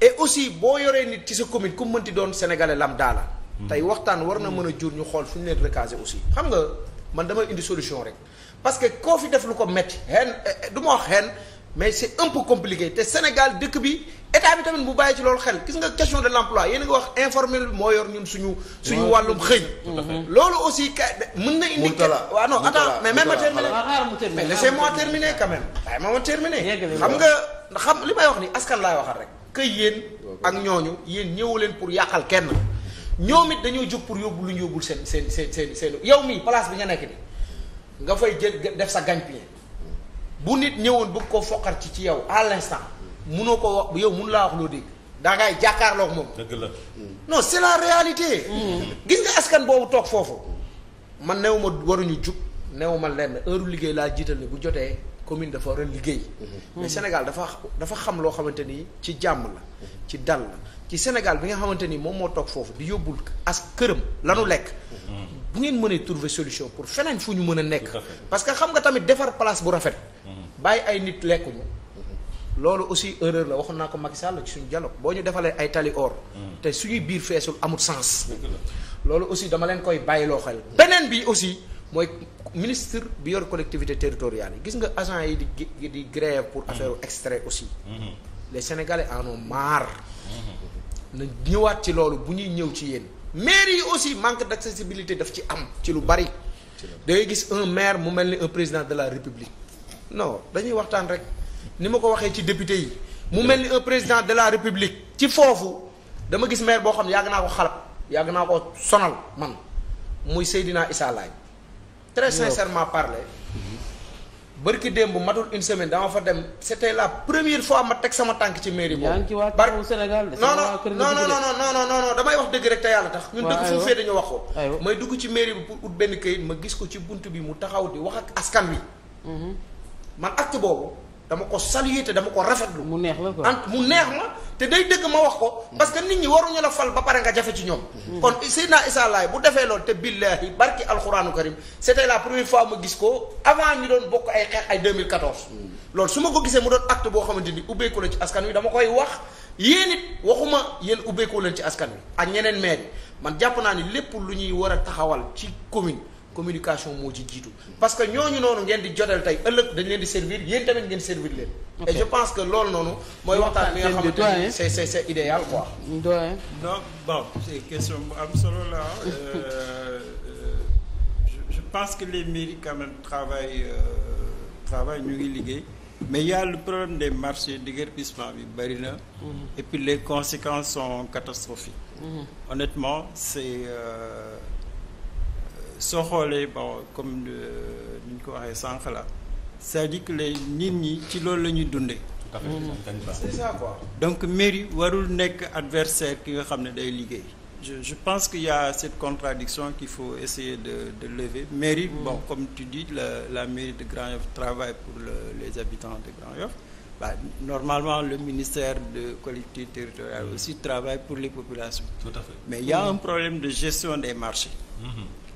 et aussi boo yoree nit ci sa commune ku mënti doon sénégalais lam daala hmm. tey waxtaan war na mën a jur ñu xool fu ñu leen recaser aussi xam nga man dama indi solution rek parce que koo fi def lu ko metti xeen eh, eh, du ma wax xeen mais c' est un peu compliqué te Sénégal dëkk bi état bi tamit bu bàyyi ci loolu xel gis nga question de l' emploi yéen a wax informel moo yor ñun suñu suñu wàllum xëy. loolu aussi ka mën na indi. waaw non attends mais même ma terminer. mais laissez-moi terminer quand même. waaye ma ma terminer. xam nga xam li may wax ni askan laay waxal rek. que yéen ak ñooñu yéen ñëwu leen pour yàqal kenn ñoom it dañoo jóg pour yóbbu lu ñu yóbbul seen seen seen seen yow mii place bi nga nekk nii nga fay jël def sa gagne-pain bu nit ñëwoon bëgg koo foqar ci ci yow àll l'instant munoo ko wax yow mun laa wax loo dégg daa ngay jàkkaarloog moom. dëgg la non c'est la réalité. Mm. gis nga askan boobu toog foofu. man néew ma waruñu jug néew ma lenn heure liggéey laa jiital ne bu jotee. commune dafa war a liggéey. Mhm. mais Sénégal dafa dafa xam loo xamante ni ci jàmm la. ci dal la ci Sénégal bi nga xamante ni moom moo toog foofu di yóbbul as këram lanu lekk. Mhm. bu ngeen mënee trouver solution pour feneen fu ñu mën a nekk. parce que xam nga tamit defar place bu rafet. Mhm. bàyyi ay nit lekkuñu. loolu aussi erreur la waxoon naa ko Macky Sall ci suñu dialogue boo ñu defalee ay tali or. te suñuy biir feesul amut sens. loolu aussi dama leen koy bàyyi loo xel beneen mooy ministre bi yor collectivité territoriale yi gis nga agent yi di di grève pour mm-hmm. affaire extrait aussi mm-hmm. les sénégalais en ont marre mm-hmm. na ñëwaat ci loolu bu ñuy ñëw ci yéen maire yi aussi manque d'accessibilité daf ci am ci lu bari da gis un maire mu mel ni un président de la république non dañuy waxtaan rek ni ma ko waxee ci député yi mu mel ni un président de la république ci foofu dama gis maire boo xam ne yàgg naa ko xalab yàgg naa ko sonal man muy Seydina Issa Laye très sincèrement parler bërki démb bu matul une semaine dama fa dem c' était la première fois ma teg sama tànk ci mairie boobu. bar non non non non non non damay wax dëgg rek te yàlla tax. ñun ah, dëgg fu mu fee dañu wax ko. may dugg ci mairie bi pour ut benn këyit ma gis ko ci bunt bi mu taxaw di wax ak askan wi. Mhm. man acte boobu. dama ko saluer te dama ko rafetlu. mu neex la quoi mu neex ma te day dëgg ma wax ko. Mm. parce que nit ñi waruñu la fal ba pare nga jafe ci ñoom. Mm. kon Seydina Issa Laye bu defee lool te billahi barki alxuraanu karim c'était la première fois ma gis ko avant ñu doon bokk ay xeex ay mil 2014. lool su ma ko gisee mu doon acte boo xamante ni ubbeeku la ci askan wi dama koy wax yéen it waxuma yéen ubbeeku leen ci askan wi ak ñeneen maire yi man jàpp naa ni lépp lu ñuy war a taxawal ci commune. communication moo ci jiitu parce que ñooñu noonu ngeen di jotal tey ëllëg dañ leen di servir yéen tamit ngeen servir leen je pense que loolu noonu mooy waxtaan bi nga xamante ne c'est c'est c'est idéal quoi doyen donc bon question bu am solo euh, la je pense que les mairies quand même travaillent euh, travaillent ñu ngi liggéey mais yàlla problème des marchés déguerpissement bi bëri na mm-hmm. et puis les conséquences sont catastrophiques mm-hmm. honnêtement c'est euh, soo xoolee bon comme euh, ni ñu ko waxee sànq la cest dire que les nit ñi ci loolu la ñuy dundee. c'est ça quoi. donc mairie warul nekk adversaire ki nga xam ne day liggéey. je je pense qu'il ya a cette contradiction qu'il faut essayer de de lever mairie mmh. bon comme tu dis la la de Grand Yoff travaille pour le, les habitants de Grand Yoff normalement le ministère de collectivité territoriale mm. aussi travaille pour les populations. Tout mais il a mm. un problème de gestion des marchés. Mm-hmm.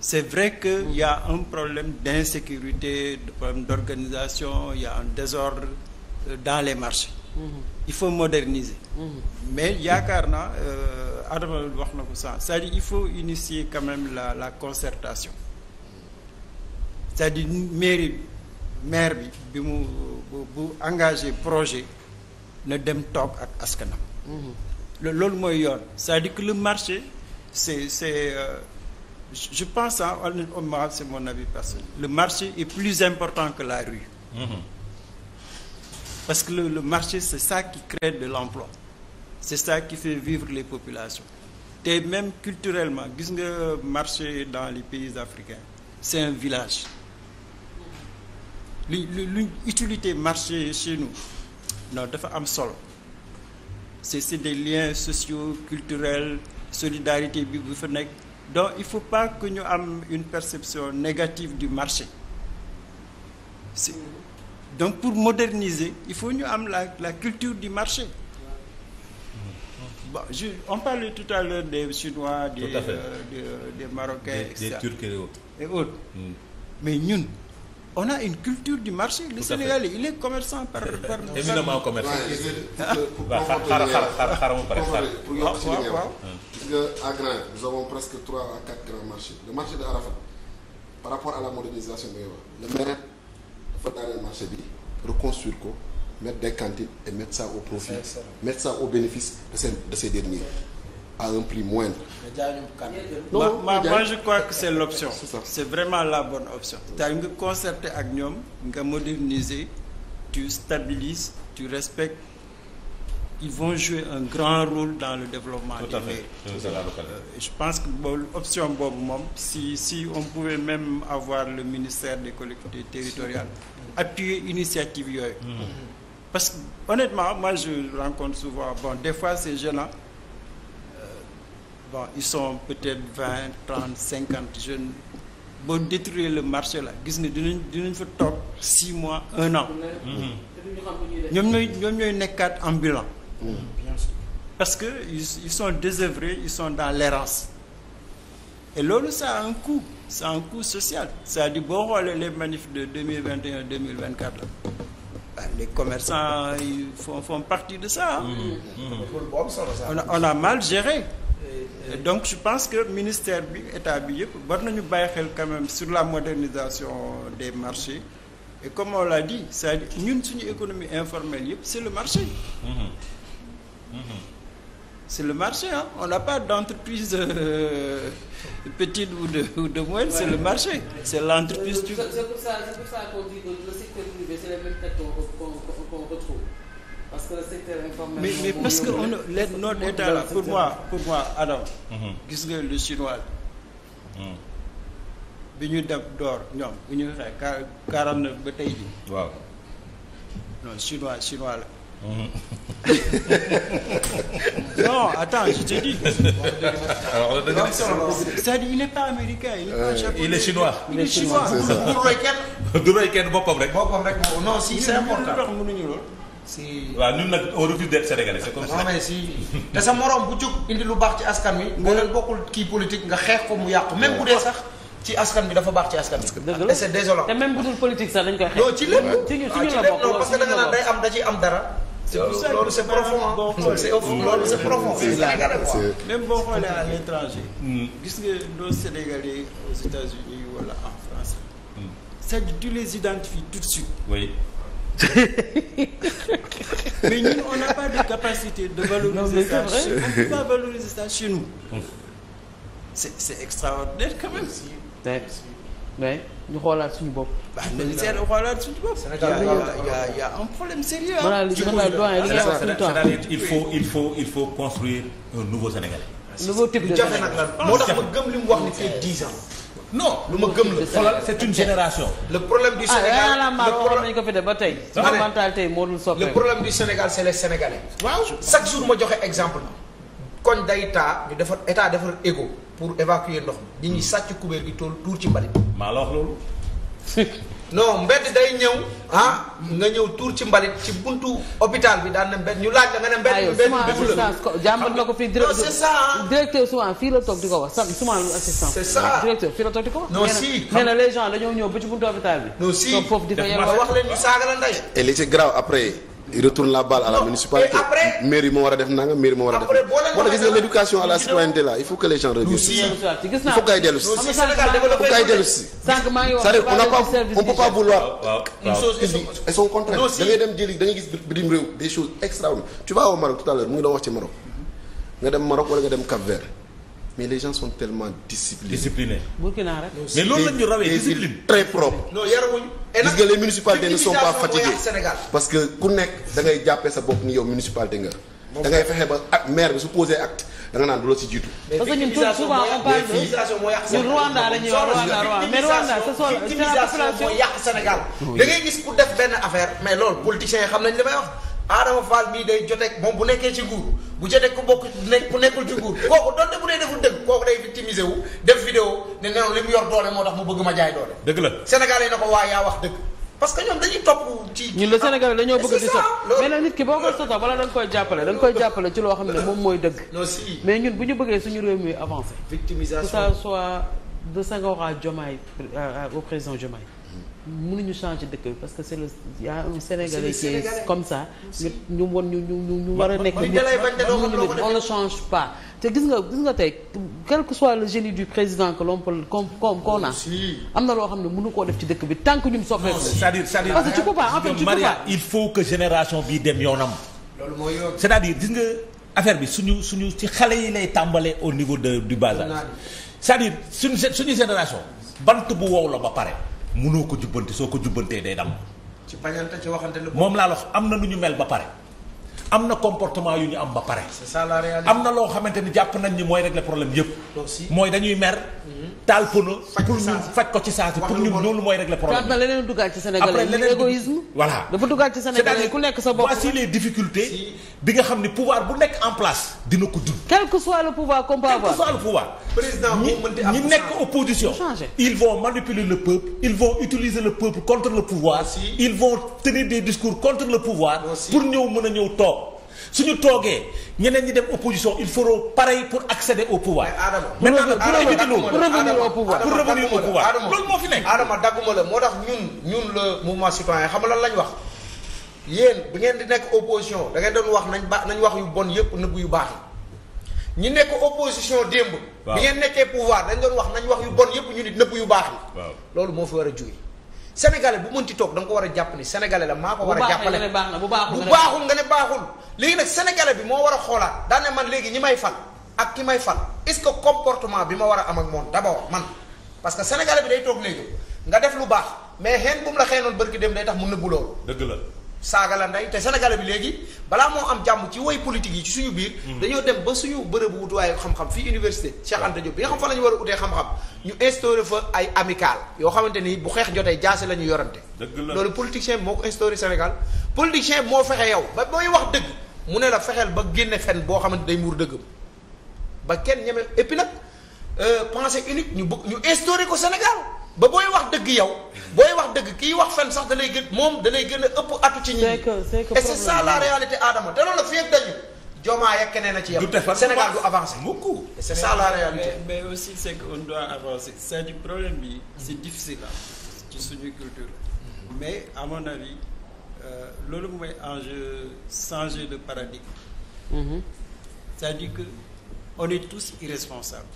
C'est vrai que ya un problème d'insécurité, de problème d'organisation, il y un désordre euh, dans les marchés. Mm-hmm. Il faut moderniser. Mm-hmm. Mais yaakaar na euh, Adama wax na ko sànq c'est-à-dire il faut initier quand la la concertation c'est-à-dire maire bi bi mu bu engagé projet na dem toog ak askanam. Mm-hmm. loolu mooy yoon c'est-à-dire que le marché c'est c'est. Euh, je pense à c'est mon avis personnel le marché est plus important que la rue mm-hmm. parce que le, le marché c'est ça qui crée de l'emploi c'est ça qui fait vivre les populations te même culturellement gis nga marché dans les pays africains c'est un village lu utilité marché chez nous non dafa am solo c'est c'est des liens sociaux culturels solidarité bi bu fa nekk donc il faut pas que ñu am une perception négative du marché donc pour moderniser il faut ñu am la la culture du marché bon je on parlait tout à l'heure des chinois des, euh, des euh, des marocains des, autres mm. mais ñun on a une culture du marché le Sénégalais il est commerçant par par. éminemment commerçant waaw xaaral xaaral xaaral xaaral pare xaaral. presque trois à quatre grands marchés le marché de Arafat par rapport à la modernisation bi nga wax le maire dafa marché bi reconstruire ko mettre des cantines et mettre ça au profit mettre ça au bénéfice de ces derniers. à un prix moindre. moi je crois que c'est l'option. C'est ça. C'est vraiment la bonne option. daal nga concerté ak ñoom nga moderniser tu stabilises tu respectes ils vont jouer un grand rôle dans le développement. tout je pense que boobu option boobu moom si si on pouvait même avoir le ministère des collectivités territoriales appuyer initiative yooyu. Hmm. parce que honnêtement moi je rencontre souvent bon des fois c'est gênant. bon ils sont peut-être vingt trente cinquante jeunes boo détruire le marché là gis nga dinañ dinañ fa toog six mois un an. ñoom ñooy ñoom ñooy nekkaat ambulant. parce que ils sont désœuvrés ils sont dans l'errance et loolu ça a un coût ça a un coût social c'est-à-dire boo xoolee les manifs de deux mille vingt et un deux mille vingt quatre la ah, les commerçants ils font font partie de ça. Mm-hmm. Mm-hmm. on a on a mal géré. Euh, donc je pense que ministère bi état bi yëpp war nañu bàyyi xel quand sur la modernisation des marchés et comme on l'a dit c'est-à-dire ñun suñu économie informelle yëpp c'est le marché. Mmh. C'est le marché ah on n'a pas d'entreprise euh, petite ou de ou de moyenne c'est le marché c'est l'entreprise. C'est pour mais parce que on a notre pour moi pour moi Adam. gis nga lu chinois. bi ñu def door ñoom bu ñu xeex quarante neuf ba tey jii. waaw non chinois chinois la. non attends je te dis. alors dëgg la pas américain il pas japonais. il est du roy kenn. du rek. boppam rek non si c'est important mënuñu lool. si waaw ñun nag on refuse d'être sénégalais c'est comme ça. non mais si te sa morom bu jóg indi lu baax ci askan wi. boo leen bokkul kii politique nga xeex ko mu yàqu. même bu dee sax ci askan bi dafa baax ci askan bi. dëgg la c'est désolant. te même bu dul politique sax dañ koy xeex. non ci lépp ci ñu ci ah, ñu la bokk parce que da nga naan day am da ciy am dara. c'est loolu c'est profond c'est loolu c'est profond. même boo xoolee à l'étranger. Mm. gis nga nos Sénégalais aux États-Unis wala en France. c'est tu les identifies tout de suite. oui. mais ñun on n'a pas de capacité de valoriser ça on peut pas valoriser ça chez nous c'est c'est extraordinaire quand même mais mais ñu xoolaat suñu bopp seen xoolaat suñu bopp il y a il y a un problème sérieux il faut il faut il faut construire un nouveau Sénégalais nouveau de Sénégalais moo tax ma gëm li mu wax ni fii non lu ma gëm la xoolal c'est une génération. le problème du ah, Sénégal le ko fi ba tey. mentalité moo dul soppeeku le problème du Sénégal c'est les Sénégalais. waaw chaque jour ma joxe exemple. koñ day taa ñu defar état defar égo pour évacuer ndox mi. nit ñi sàcc kubéer gi tool tuur ci mbalit. maa la wax loolu. no mbedd day ñëw ah nga ñëw tuur ci mbalit ci buntu hôpital bi daan na mbedd ñu laaj la nga ne mbedd bi mbedd ko fii directeur souvent fii la toog di ko wax souvent assistant c'est ça na les gens ñëw ba ci buntu hôpital bi non si foofu di ko wax leen saaga la ndey et li ci grave après il retourne la balle à la municipalité mairie moo war a def nanga mairie moo war a def moo tax gis nga l'éducation à la citoyenneté là il faut que les gens reviennent si ça il si il faut que si c'est-à-dire n'a pas on peut pas vouloir et son contraire da dem jëli da ngay gis bitim réew des choses extraordinaires tu vas au Maroc mu ngi doon wax ci Maroc nga dem Maroc wala nga dem Cap-Vert mais les gens sont tellement disciplinés. disciplinés. Burkina rek. mais loolu la ñu rawee discipline très propre. non les municipalités ne sont pas fatiguées parce que ku nekk da ngay jàppee sa bopp ni yow municipalité nga. da ngay fexe ba ak maire bi su posé acte danga naan du la si jiitu. parce que ñun tout souvent on parle de ñun Rwanda la ñuy Rwanda Rwanda mais Rwanda c'est la population mooy yàq Sénégal. da ngay gis ku def benn affaire mais loolu politiciens yi xam nañ li may Adama Fall mii day joteeg moom bu nekkee ci nguur bu jotee bokk nekk ku nekkul ci nguur kooku donte bu dee deful dëgg wu def vidéo ne nee li yor doole moo tax mu bëgg ma jaay doole. dëgg la Sénégal na ko waa yaa wax dëgg. parce que ñoom dañuy topp ci. ñun la Sénégal dañoo bëgg di sot mais nag nit ki boo ko sotoo wala dañ koy jàppale dañ koy jàppale ci loo xam ne moom mooy dëgg. mais ñun bu ñu bëggee suñu réew mi avancé. victimisation que ça soit de Senghor mënuñu changer dëkk bi parce que c'est le y a comme ça. ñu ñu won ñu war a nekk. on ne change pas. te gis nga nga tey quel que soit le génie du président que l'on peut qu'on qu'on a. am na loo xam ne mënu koo def ci dëkk bi tant que ñun soppeeku. c'est-à-dire c'est-à-dire parce il faut que génération bi dem yoonam. loolu mooy yoon c'est-à-dire gis nga affaire bi su suñu suñu ci xale yi lay tàmbalee au niveau de du bas âge. c'est-à-dire suñu suñu génération bant bu wow la ba pare munoo ko jubbanti soo ko jubbantee day dam ci bañante ci waxante moom laa wax am na lu ñu mel ba pare. am na comportement yu ñu am ba pare. c'est am na loo xamante ni jàpp nañ ni mooy régler problème yëpp. mooy dañuy mer. Mm-hmm. taal pono pour ñun faj ko ci saasi pour ñun loolu mooy régler problème bi. na leneen duggaat ci Sénégalais yi égoïsme voilà dafa duggaat ci Sénégalais yi ku nekk sa bopp. voici les difficultés bi nga xam ni pouvoir bu nekk en place dina ko dund. quel que soit le pouvoir qu'on peut avoir soit le pouvoir. ñi nekk opposition. ils vont manipuler le peuple ils vont utiliser le peuple contre le pouvoir. ils vont tenir des discours contre a ñëw toog su ñu toogee ñeneen ñi dem opposition il faut pareil pour accéder au pouvoir. mais Adama pour revenir au pouvoir pour revenir au pouvoir loolu moo fi nekk. Adama dagguma la moo tax ñun ñun le mouvement citoyen xam nga lan lañ wax yéen bi ngeen di nekk opposition da ngeen doon wax nañ ba nañ wax yu bon yëpp nëbb yu baax yi ñi nekk opposition démb. bi ngeen nekkee pouvoir dañ doon wax nañ wax yu bon yëpp ñu nit nëbb yu baax yi. loolu moo fi war a jóge sénégalais bu mënti toog da ko war a jàpp ni sénégalais la maa ko war a jàppale bu baaxul nga ne baaxul léegi nag sénégalais bi moo war a xoolaat daane man léegi ñi may fal ak ki may fal est-ce que comportement bi ma war a am ak moom d'abord man parce que sénégalais bi day toog léegi nga def lu baax mais xeen bu mu la xeenoon bërki dem day tax mu na loolu dëgg la saaga la ndey te sénégal bi léegi balaa moo am jàmm ci woy politique yi ci suñu biir mm-hmm. dañoo dem ba suñu bërëbu wutuwaayu xam-xam fii université Cheikh Anta Diop bi nga xam fa la ñu war a utee xam-xam ñu instauré fa ay amical yoo xamante ni bu xeex jotee jaase la ñu yorante loolu politicien bi moo ko instauré Sénégal politicien bi moo fexe yow ba booy wax dëgg mu ne la fexeel ba génne fen boo xamante day muur dëggam ba kenn ñeme et puis nag euh, pensée unique ñu bëgg ñu instauré ko Sénégal ba booy wax dëgg yow booy wax dëgg kii wax fen sax da gën moom da gën a ëpp atu ci ñi et c'est ça la réalité Adama te loolu fii ak dañu Diomaye ak keneen a ci yem Sénégal du avancer beaucoup et c'est ça mais aussi c'est qu'on doit avancer cest à problème bi c'est difficile la ci suñu culture mais à mon avis euh, loolu mooy enjeu changer de paradigme mm-hmm. c'est-à-dire que on est tous irresponsables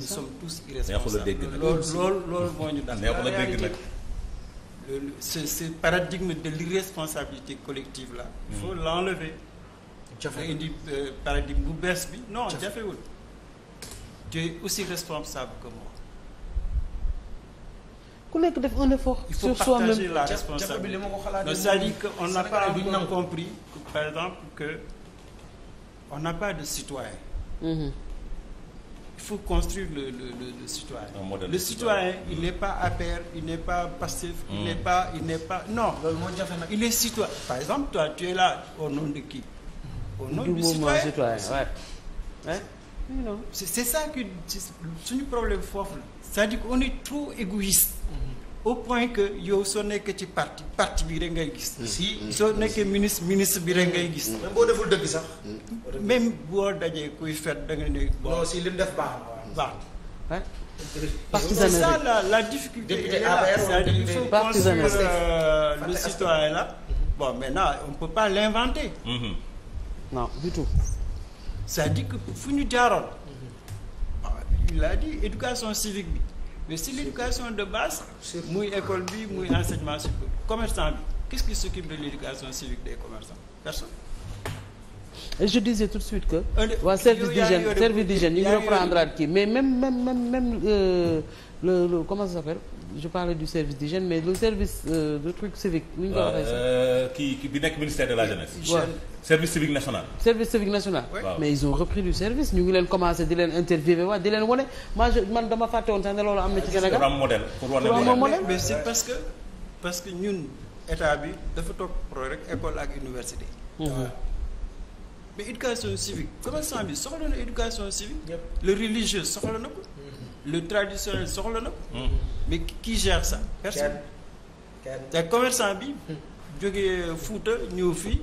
nous sommes tous irresponsables loolu loolu loolu moo ñu dal neexul a dégg nag ce ce paradigme de l'irresponsabilité collective là il hmm. faut l'enlever jafe indi euh, paradigme bu bees bi non jafewul tu es aussi responsable que moi ku nekk def un effort sur soi-même il faut partager la responsabilité non c'est-à-dire que on n'a pas compris par exemple que on n'a pas de citoyen mm -hmm. faut construire le, le, le, le citoyen. Le citoyen, citoyen, il mm. n'est pas à pair, il n'est pas passif, mm. il n'est pas, il n'est pas, non, il est citoyen. Par exemple, toi, tu es là au nom de qui Au nom du, du citoyen. citoyen ouais. hein? C'est ça que, c'est le problème fort. C'est-à-dire qu'on est trop égoïste. au point que yow soo nekkee ci parti parti bi rek ngay gis. Hmm. si soo nekkee ministre ministre bi rek ngay gis. même boo deful dëgg sax. Hmm. même boo dajee kuy fet da nga ne. non si li def baax na waaw la la difficulté. député APR la il faut euh, hmm. fu ñu jaaroon. il a éducation civique bi. mais si l'éducation de base muy école bi muy enseignement civique commercant bi qu'est-ce qui s'occupe de l'éducation civique des commerçants personne Et je disais tout de suite que waa service d'hygiène service d'hygiène ñu ngi reprendre kii mais même même même même euh, le, le comment ça s'appelle je parlais du service d'hygiène mais le service euh, de truc civique. nu ñu ko euh, sax euh, kii kii bi nekk ministère de la jeunesse. Ouais. service civique national. service civique national. Ouais. mais ils ont repris du service ñu ngi leen commencé di leen interviewer waa di leen wane man dama fàtte woon sax ne loolu am na ci Sénégal. pour am modèle pour parce que parce que ñun état bi dafa toog pro rek école ak université. Mmh. mais éducation civique commerçant bi soxla na éducation civique. na le traditionnel soxla na ko hmm. mais qui gère ça personne te bi hmm. jógee Fuuta ñëw fii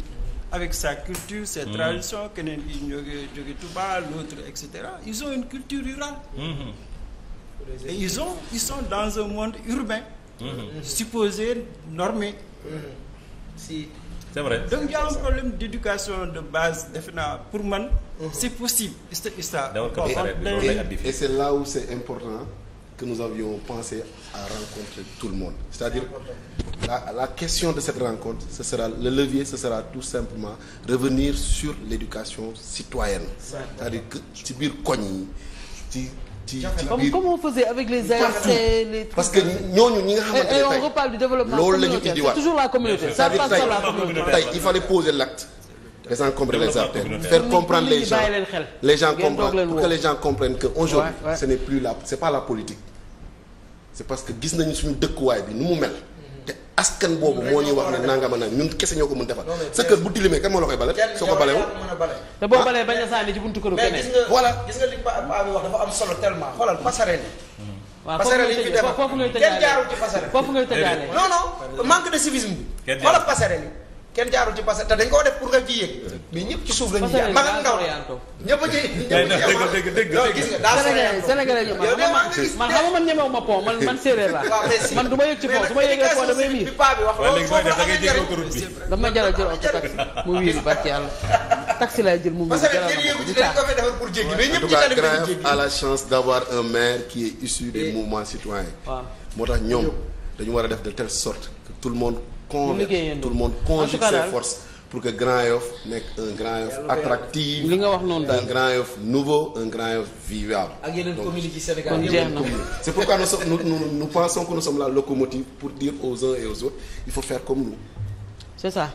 avec sa culture ses hmm. traditions keneen bi jóge jóge Touba l'autre et cetera ils ont une culture rurale et ils ont ils sont dans un monde urbain supposé normé c'est vrai donc y un problème d'éducation de base defe naa pour man. c'est possible c'est ça. et, et c'est là où c'est important que nous avions pensé à rencontrer tout le monde c'est-à-dire la question de cette rencontre ce sera le levier ce sera tout simplement revenir sur l'éducation citoyenne. c'est-à-dire que ci biir koñ yi ci ci biir parce que ñooñu ñi nga xamante ne tey on reparle du développement loolu la ñu indiwaat toujours la communauté ça passe par la communauté tey il fallait poser l'acte désencombrer les artères faire comprendre les gens comprendre que aujourd'hui ce n'est plus la c'est pas la politique c'est parce que gis nañu suñu dëkkuwaay bi nu mu mel te askan boobu moo ñuy wax ne nangama na ñun kese ñoo ko mën defal sa kër bu dilimee kan moo la koy bale soo ko balewul te boo ah. balee bañ a sànni ci buntu këru keneen voilà gis nga li ba am mm-hmm. foofu ngay tëjaale foofu ngay tëjaale non non manque de civisme bi xoolal kenn jaarul ci parce que te dañ koo def pour nga ji yéeg mais ñëpp ci suuf la ñuy jaar magal ndaw ñëpp ci dégg gis nga sénégalais ñu man xam nga man ñemewu ma pont man man séeréer laa man du ma yëg ci pont su ma yëgee pont damay wiir paa bi wax dama jaral jël oto taxi mu wiir barki yàlla taxi lay jël mu wiir jaral pour jéggi mais ñëpp ci tali bi jéggi a la chance d'avoir un maire qui est issu des mouvements citoyens moo tax ñoom dañu war a def de telle sorte que tout le converge tout le monde conjugue ses forces pour que Grand Yoff nekk un Grand Yoff attractif li nga wax noonu daal un Grand Yoff nouveau un Grand Yoff vivable. ak yeneen pour dire aux uns et aux autres il comme nous. c'est ça.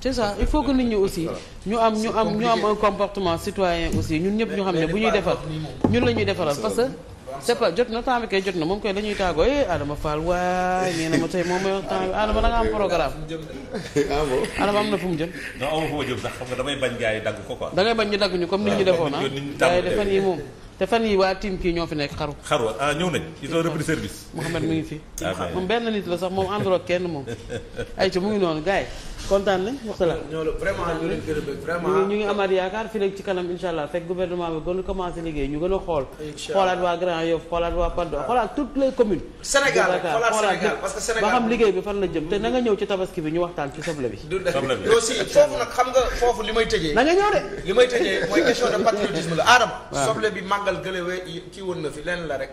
c'est ça il faut que nit ñi aussi ñu am ñu am ñu am un comportement citoyen aussi ñun ñëpp ñu xam ne bu ñuy defar ñun la ñuy defaral parce que. c'est pas jot na temps bi kay jot na moom koy la ñuy tàggoo eh Adama Fall waay nee ma tey moom mooy wax temps Adama da am programme. ah bon Adama am na fu mu jëm. non amul fu ma jëm sax xam nga damay bañ gars yi dagg ko da ngay bañ ñu comme nit ñi defoon ah gars yi defan yi moom. te fan yi waa team kii ñoo fi nekk xaru. xaru ah ñëw nañ ils ont repris service. Mouhamed mi ngi fi. Ah, moom benn nit la sax moom ànduloo kenn moom. ayca mu ngi noonu gars kontaan ne waxtaan. ñoo vraiment ñu vraiment ñu ngi amaat yaakaar fii léegi ci kanam incha allah fekk gouvernement bi gën a commencé liggéey ñu gën a xool. xoolaat waa Grand Yoff xoolaat waa Patte xoolaat toutes les communes. Sénégal xoolaat parce que Sénégal ba xam liggéey bi fan la jëm te nga ñëw ci tabaski ñu waxtaan ci soble bi. soble bi aussi foofu li may tëjee. na nga ñëw de. li may tëjee mooy question de patriotisme la Adama. soble bi màggal gële we kii woon na fi lenn la rek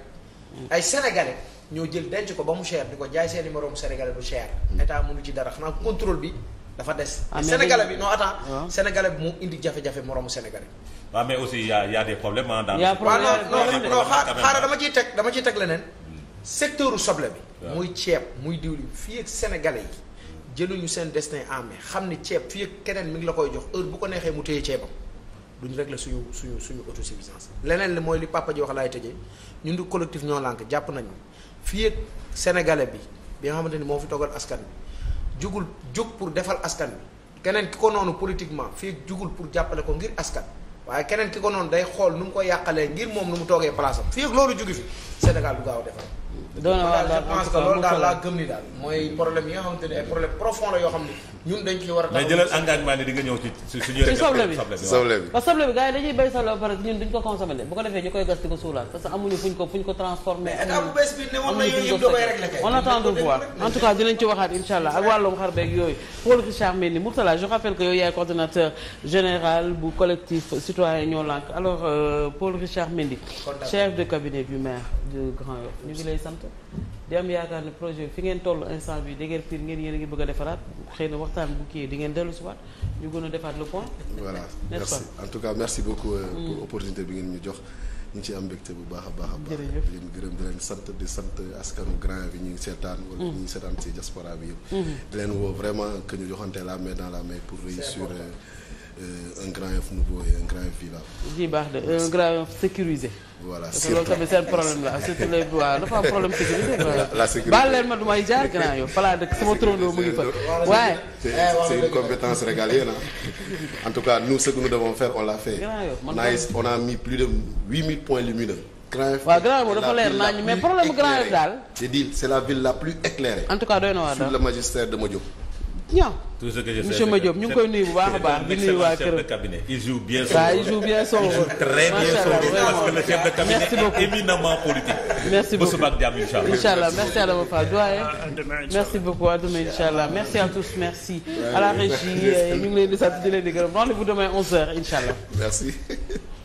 ay sénégalais ñoo jël denc ko ba mu cher di ko jaay seen moroom mu sénégalais du cher mm. état mënu ci dara xanaa contrôle bi dafa des. ah sénégalais bi noo attends. sénégalais bi mu indi jafe-jafe moroomu sénégalais. waaw mais aussi y' a y' a des problèmes ah. dans non non xaaral dama ciy teg dama ciy teg leneen. Hmm. secteur u soble bi. muy ceeb muy diwlin fii ak sénégalais yi jëluñu seen destin en xam ne ceeb fii ak keneen mi ngi la koy jox heure bu ko neexee mu téye ceebam duñu régler suñu suñu suñu autosuffisance leneen li mooy li papa ji wax laay tëjee ñun du collectif ñoo lànk jàpp nañu fii ak bi bi nga xamante ni moo fi toggal askan bi jugul jug pour defal askan bi keneen ki ko noonu politiquement fii jugul pour jàppale ko ngir askan waaye keneen ki ko noonu day xool nu mu ko yàqalee ngir moom nu mu toogee place am fii ak loolu jugi fi Sénégal du gaaw defal doon na waaw daal je pense que loolu daal laa mooy problème yi nga ay problème profond la yoo xam ne ñun dañ ciy war a. mais jëlal ñëw ci suñu. ci soble bi ci soble bi waaw yi dañuy béy soble ba pare ñun duñ ko consommé bu ko defee ñu koy gas di ko suulaat parce que amuñu fuñ ko ko transformé. amuñu bu bees bi ne woon na yooyu yëpp da koy réglé kay. on attend de voir en tout cas dinañ ci waxaat incha allah ak wàllum xar beeg yooyu Paul euh, Richard Mendy Mourtala je sant di am yaakaar ne projet fi ngeen toll instant bi dégg piir ngeen yéen a ngi bëgg a defaraat xëy na waxtaan bu kii di ngeen dellu ñu gën a defaat le point. voilà merci en tout cas merci beaucoup. Euh, pour mm. opportunité bi ngeen ñu jox. ñu ci am mbégte bu baax a baax a baax di leen gërëm di leen sant di sant askanu mm. mm-hmm. euh, euh, baax de sécurisé voilà surtout loolu tamit seen problème la surtout les waaw dafa la sécurité baal leen ma du may jaar grand yow falaa dëkk sama turandoo mu ngi fa. waaye c'est une compétence régalienne en tout cas nous ce que nous devons faire on l'a fait. nice on a mis plus de 8000 points lumineux. grand yow waaw grand yow dafa c'est la ville la plus éclairée. en tout cas doy na waar daal magistère de Madiop. non tout ce que je sais monsieur Madiop ñu ngi koy nuyu bu baax a baax. di nuyu waa kër il joue bien son rôle il joue bien son rôle très bien son rôle parce que le chef de cabinet est éminemment politique. merci beaucoup ba suba ak jàmm incha allah. incha allah merci Adama Fall doyen. merci beaucoup à demain incha allah merci à tous merci. à la régie euh, ñu ngi leen di sant di leen di gërëm rendez-vous demain 11h incha allah. merci.